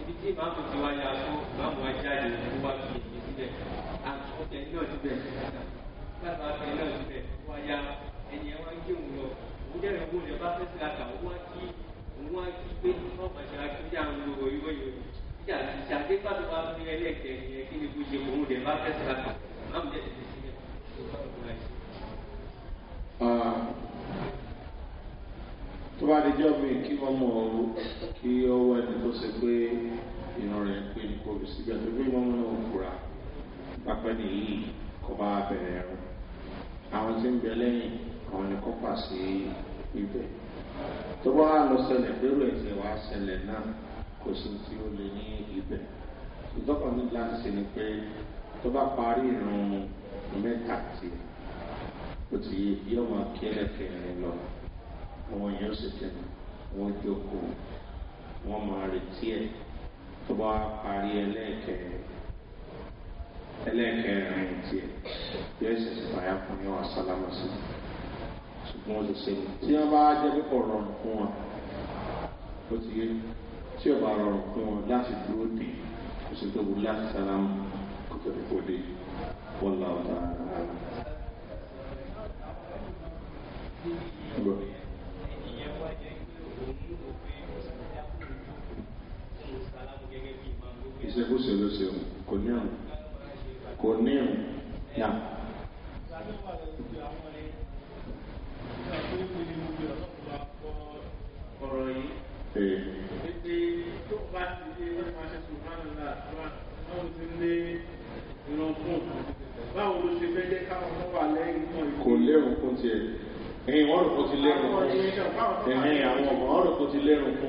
ibi tí ìbámu ti wáyé aṣọ ìbámu wájú àjò tó wá fi èyí síbẹ̀ àtúntò náà síbẹ̀ láti wá náà síbẹ̀ wáyá ẹni ẹ wá ń gé òun lọ òun jẹ́ ìwọ rẹ̀ bá fẹ́ sí ata òun wá kí òun wá kí pé ọ̀pọ̀ ṣe akíjà ń lo ìwé yòó ìjà ìjà dé bá fi ẹlẹ́kẹ̀ẹ́ yẹn kí ni kò ṣe òun rẹ̀ bá fẹ́ sí ata ìbámu jẹ́ tó bá di jọ́ mi kí wọ́n mọ̀ ọ́ kí ọwọ́ ẹni tó ṣe pé ìran rẹ̀ pé ní kò síbẹ̀ tó gbé wọn náà fura pápẹ́ nìyí kọ́ bá bẹ̀rẹ̀ ẹ̀rọ àwọn tí ń bẹ lẹ́yìn àwọn ni kọ́ pà sí ibẹ̀ tó bá lọ sẹlẹ̀ bẹ́rù ẹ̀sẹ̀ wá sẹlẹ̀ náà kò sí tí ó lè ní ibẹ̀ ìtọ́kàn ní láti ṣe ni pé tó bá parí ìran mẹ́ta tiẹ̀ ó ti yé yọ̀ọ́ máa kí àwọn èèyàn sì tẹnu wọn jókòó wọn máa retí ẹ tó bá parí ẹlẹ́ẹ̀kẹ́ ẹlẹ́ẹ̀kẹrin tiẹ̀ yóò sì sì báyà fún yóò wá sálámà sí ṣùgbọ́n ó ti ṣe ní. tí wọ́n bá jẹ́ pé kò rọrùn fún wọn ó ti yé tí o bá rọrùn fún wọn láti dúró dé kò sí tó burú láti sálámà kó tó dé kó dé wọ́n lọ́ọ́ bá a. ìṣekúṣe ló ṣe òun kò ní òun kò ní òun yà. ọ̀rọ̀ yìí pé tó bá ti dé wọ́n kò lérò kó tiẹ̀ ẹ̀yìn wọ́n rò kó ti lérò kó ẹ̀yìn àwọn ọmọ wọ́n rò kó ti lérò kó.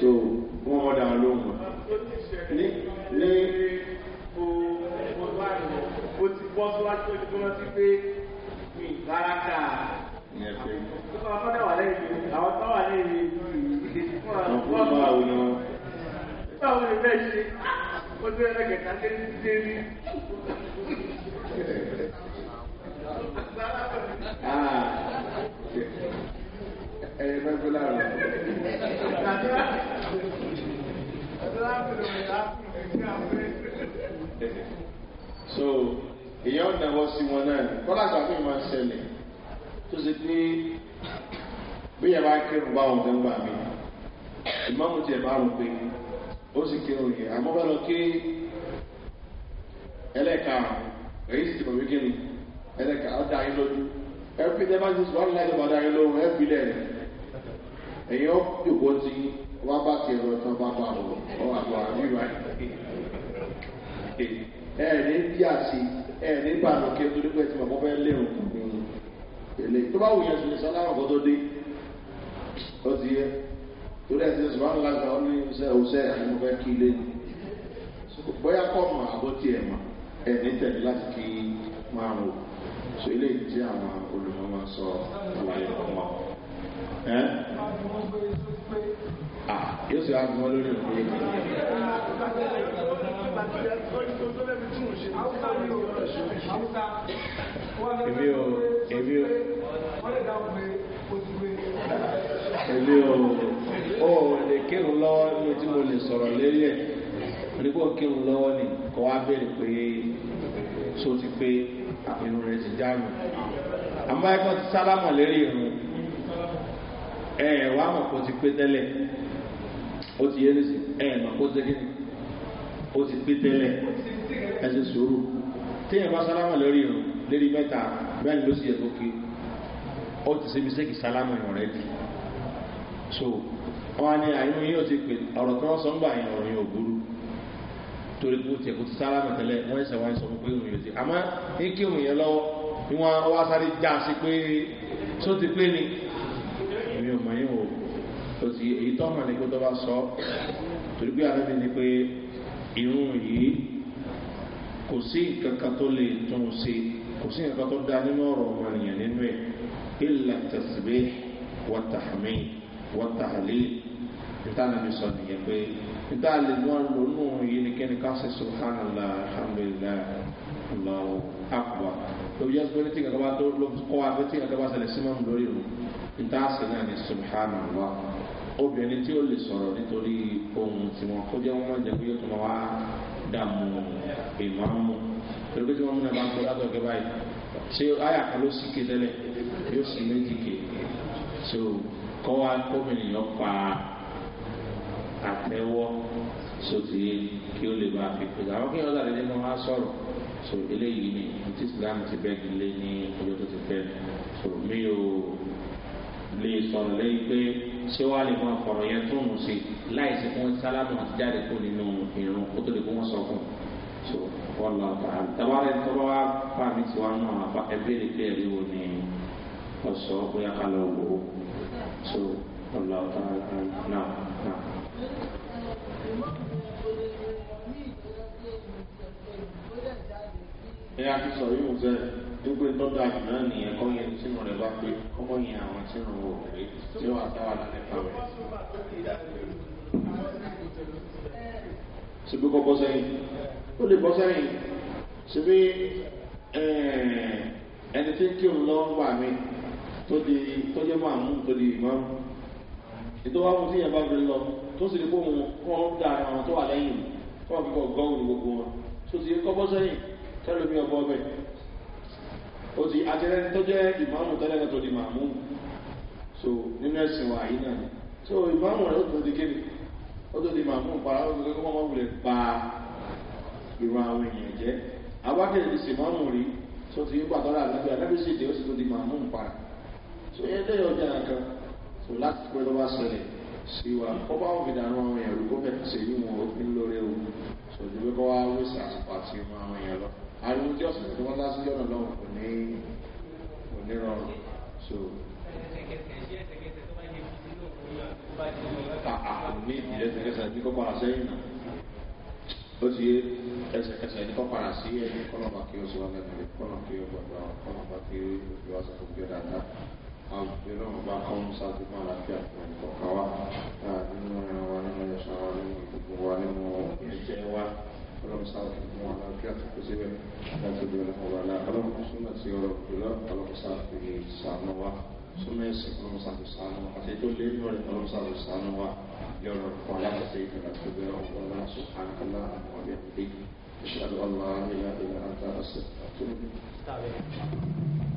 so wọ́n wọ́n dá lóhùn ní ní o ti bọ́ síwájú ojú tó rántí pé mi báraka tó bá fọ́dà wà lẹ́yìn àwọn tó wà lẹ́yìn ìdíje fún àwọn bọ́ọ̀lù àwọn ọ̀nà nípa àwọn ìfẹ́ ṣe ó tó ẹ̀rọ kẹta ṣe ń dé rí. Ah, ẹ̀yẹ fẹ́ tó láàrin. so èyàn dáwọ́ sí wọn náà ní kọ́lá sàfihàn máa ń ṣẹlẹ̀ tó ṣe pé bí yàrá kírun bá wọn gbẹ́ngbà mi ìmọ̀mù tiẹ̀ bá rùn pé ó sì kírun yẹn àmọ́ bá lọ kí ẹlẹ́ka èyí sì ti bọ̀ wí kí ni ẹlẹ́ka ọ̀dà yín lójú ẹ fi dẹ́ bá ti sùn wọ́n láì lọ́ba yín lóhùn ẹ fi lẹ́yìn ẹ̀yin ó dìbò tí wọ́n bá ti rọ tán bá bá wọ̀ ọ́ àgbà rírà ẹ̀ ní bí àṣì ẹ̀ ní bàlùkẹ́ torí pé tí màmú fẹ́ lérò kù ní ilé tó bá wùyẹn sùn ní sálámù kó tó dé ó ti yẹ torí ẹ̀ ti sùn wọn lágbà ó ní ṣe òṣè àyẹ̀mọ́ fẹ́ kí ilé ni bóyá kọ́ mọ̀ àbó tiẹ̀ mọ̀ ẹ̀ ní tẹ̀lé láti kí márùn-ún so ilé ìdí àwọn olùmọ̀ máa sọ àwọn ẹ̀kọ́ yóò sì wá gbọ́n lórí òkú yìí. èmi ò èmi ò èmi ò ó lè kírun lọ́wọ́ ní tí mo lè sọ̀rọ̀ lérí ẹ̀ onígbò kírun lọ́wọ́ ni kọ́ wá bèrè pé so ti pé irun rẹ̀ ti jáàmù àmọ́ ẹ̀kọ́ ti sálámà lérí irun. ẹ ẹ wá mọ̀ kó ti pé tẹ́lẹ̀ ó ti yé nísì ẹ ẹ mọ̀ kó ti kíni ó ti pé tẹ́lẹ̀ ẹ ti sòrò téèyàn bá sálámà lórí irun lérí mẹ́ta bẹ́ẹ̀ ni ló sì yẹ kó kí ó ti ṣe mísẹ́kì sálámà rẹ̀ di so wọn ni àyínú yìí ó ti pè ọ̀rọ̀ tí wọ́n sọ ń gbà yẹn ọ̀rọ̀ yẹn ò burú torí kó tiẹ̀ kó ti sálámà tẹ́lẹ̀ wọ́n ẹ̀sẹ̀ wáyé sọ pé òun yóò ti àmọ́ ní kí òun yẹn lọ́wọ́ ni wọ́n wá sáré já sí pé só ti pé ni èmi ò mọ̀ yín o o sì èyí tó mọ̀ ní kó tó bá sọ torí pé àná mi ni pé irun yìí kò sí nǹkan kan tó lè tún un ṣe kò sí nǹkan tó dá nínú ọ̀rọ̀ ọmọnìyàn nínú ẹ̀ ilà tẹ̀síbẹ̀ wàtàmí wàtàlẹ́ nítaàlẹ́ mi sọ nìyẹn pé nítaàlẹ́ wọn lónú yìí ni kẹ́ni ká ṣe subhanallah alhamdulilayi allahu akbar lójú ẹsùn pé ní tí kankan bá tó kọ́ wa pé tí kankan bá ṣẹlẹ̀ sí mọ́mú lórí ìlú níta sí náà ní subhana wa obìnrin tí ó lè sọ̀rọ̀ nítorí ohun tí wọn kó jẹ́ wọn máa ń jẹ́ pé yóò tó máa wá dààmú ìmáàmù torí pé tí wọ́n múná bá ń tó látọ̀gẹ́ báyìí ṣé àyà kan ló sì ké tẹ́lẹ̀ yóò sì méjì ké so kọ́ wa kóbìnrin yọ pa àtẹ́wọ́ sóti kí ó lè bá a fi pèsè àwọn kí wọ́n dàbí nínú wa sọ̀rọ̀ so eléyìí ni tí islam ti bẹ́ẹ̀ nílé ní ọjọ́ tó ti fẹ́ so mi ò lè sọ̀rọ̀ lẹ́yìn pé ṣé wàá lè máa fọ̀rọ̀ yẹn tó ń ṣe láìsí fún sálámù àti jáde kó nínú ìrún kó tó lè kó wọ́n sọ fún un so wọ́n lọ tàà tabarẹ tọ́lọ́ wa fà mí tiwa náà àfa ẹgbẹ́ lè fẹ́ rí wo ni ọ̀sọ́ bóyá ká lọ wò ó so wọ́n lọ tàà náà Thank you ẹ ti sọ yóò sẹ dúpẹ́ tọ́jú àjùmọ́ nìyẹn kọ́ yẹn sínú rẹ̀ bá pé ọmọ yẹn àwọn sínú òkè tí wọ́n àtàwà lálẹ́ fáwọn. ṣèbí kọ́ bọ́ ó lè bọ́ sẹ́yìn eh, ẹni tí kí òun lọ́wọ́ ń gbà mí tó di tó jẹ́ mọ́ àmú tó di ìmọ̀ ètò wa mú sí bá fi lọ tó sì ní kó òun kọ́ dára àwọn tó wà lẹ́yìn kọ́ fi kọ́ gọ́ọ̀rù gbogbo wọn tó sì kọ́ bọ́ tẹ́lómi ọgbọ́ ọbẹ̀ ó ti àtẹ́rẹ́ tó jẹ́ ìmáàmù tẹ́lẹ̀ tó di màmú so nínú ẹ̀sìn wà yìí náà so ìmáàmù rẹ̀ ó tó di kéde ó tó di màmú para ó tó di kọ́mọ́ wulẹ̀ pa ìrọ̀ àwọn èèyàn jẹ́ abákẹ́lẹ̀ ti sèmáàmù rí tó ti yí pàtó àlágbé àlágbé sì dé ó sì tó di màmú para so ẹ lẹ́yìn ọjà kan so láti pẹ́ lọ́wọ́ sẹlẹ̀ sí wa ó bá wọn fi dànù àwọn èèyàn rú kó fẹ́ ṣèyí wọn ó fi ń lórí ewu so ìdíwé kọ́ wá wíṣà àti pàtì mọ́ àwọn èèyàn lọ́wọ́ ariwo tí ọ̀sán tí wọ́n lásìkò ọ̀nà náà kò ní kò ní rọrùn so. àmì ìdílẹ́sẹ̀kẹsẹ̀ ní kọ́ para sẹ́yìn náà ó ti yé ẹsẹ̀kẹsẹ̀ ní kọ́ para sí ẹni kọ́nàmà kí ó sì wá lẹ́nu rẹ̀ kọ́nà kí ó gbàgbà kọ́nàmà kí ó yọ àṣà fún kí ó dáadáa àwọn ìbílẹ̀ wọn bá kọ́ musa tó máa láfíà fún ẹni kọ̀ọ̀kan wa nínú ẹran wa nínú ẹ̀ṣọ́ wa nínú ìgbogbo wa nínú ẹ̀jẹ̀ wa. belum salah muafiat khususnya dan tujuan awalnya nah, kalau sunnah si orang bilang kalau misalnya di sana wah kalau misalnya di sana wah itu dia mulai kalau salah di sana wah ya orang kuala sih dengan tujuan awalnya subhanallah wa bihamdi asyhadu an la ilaha illa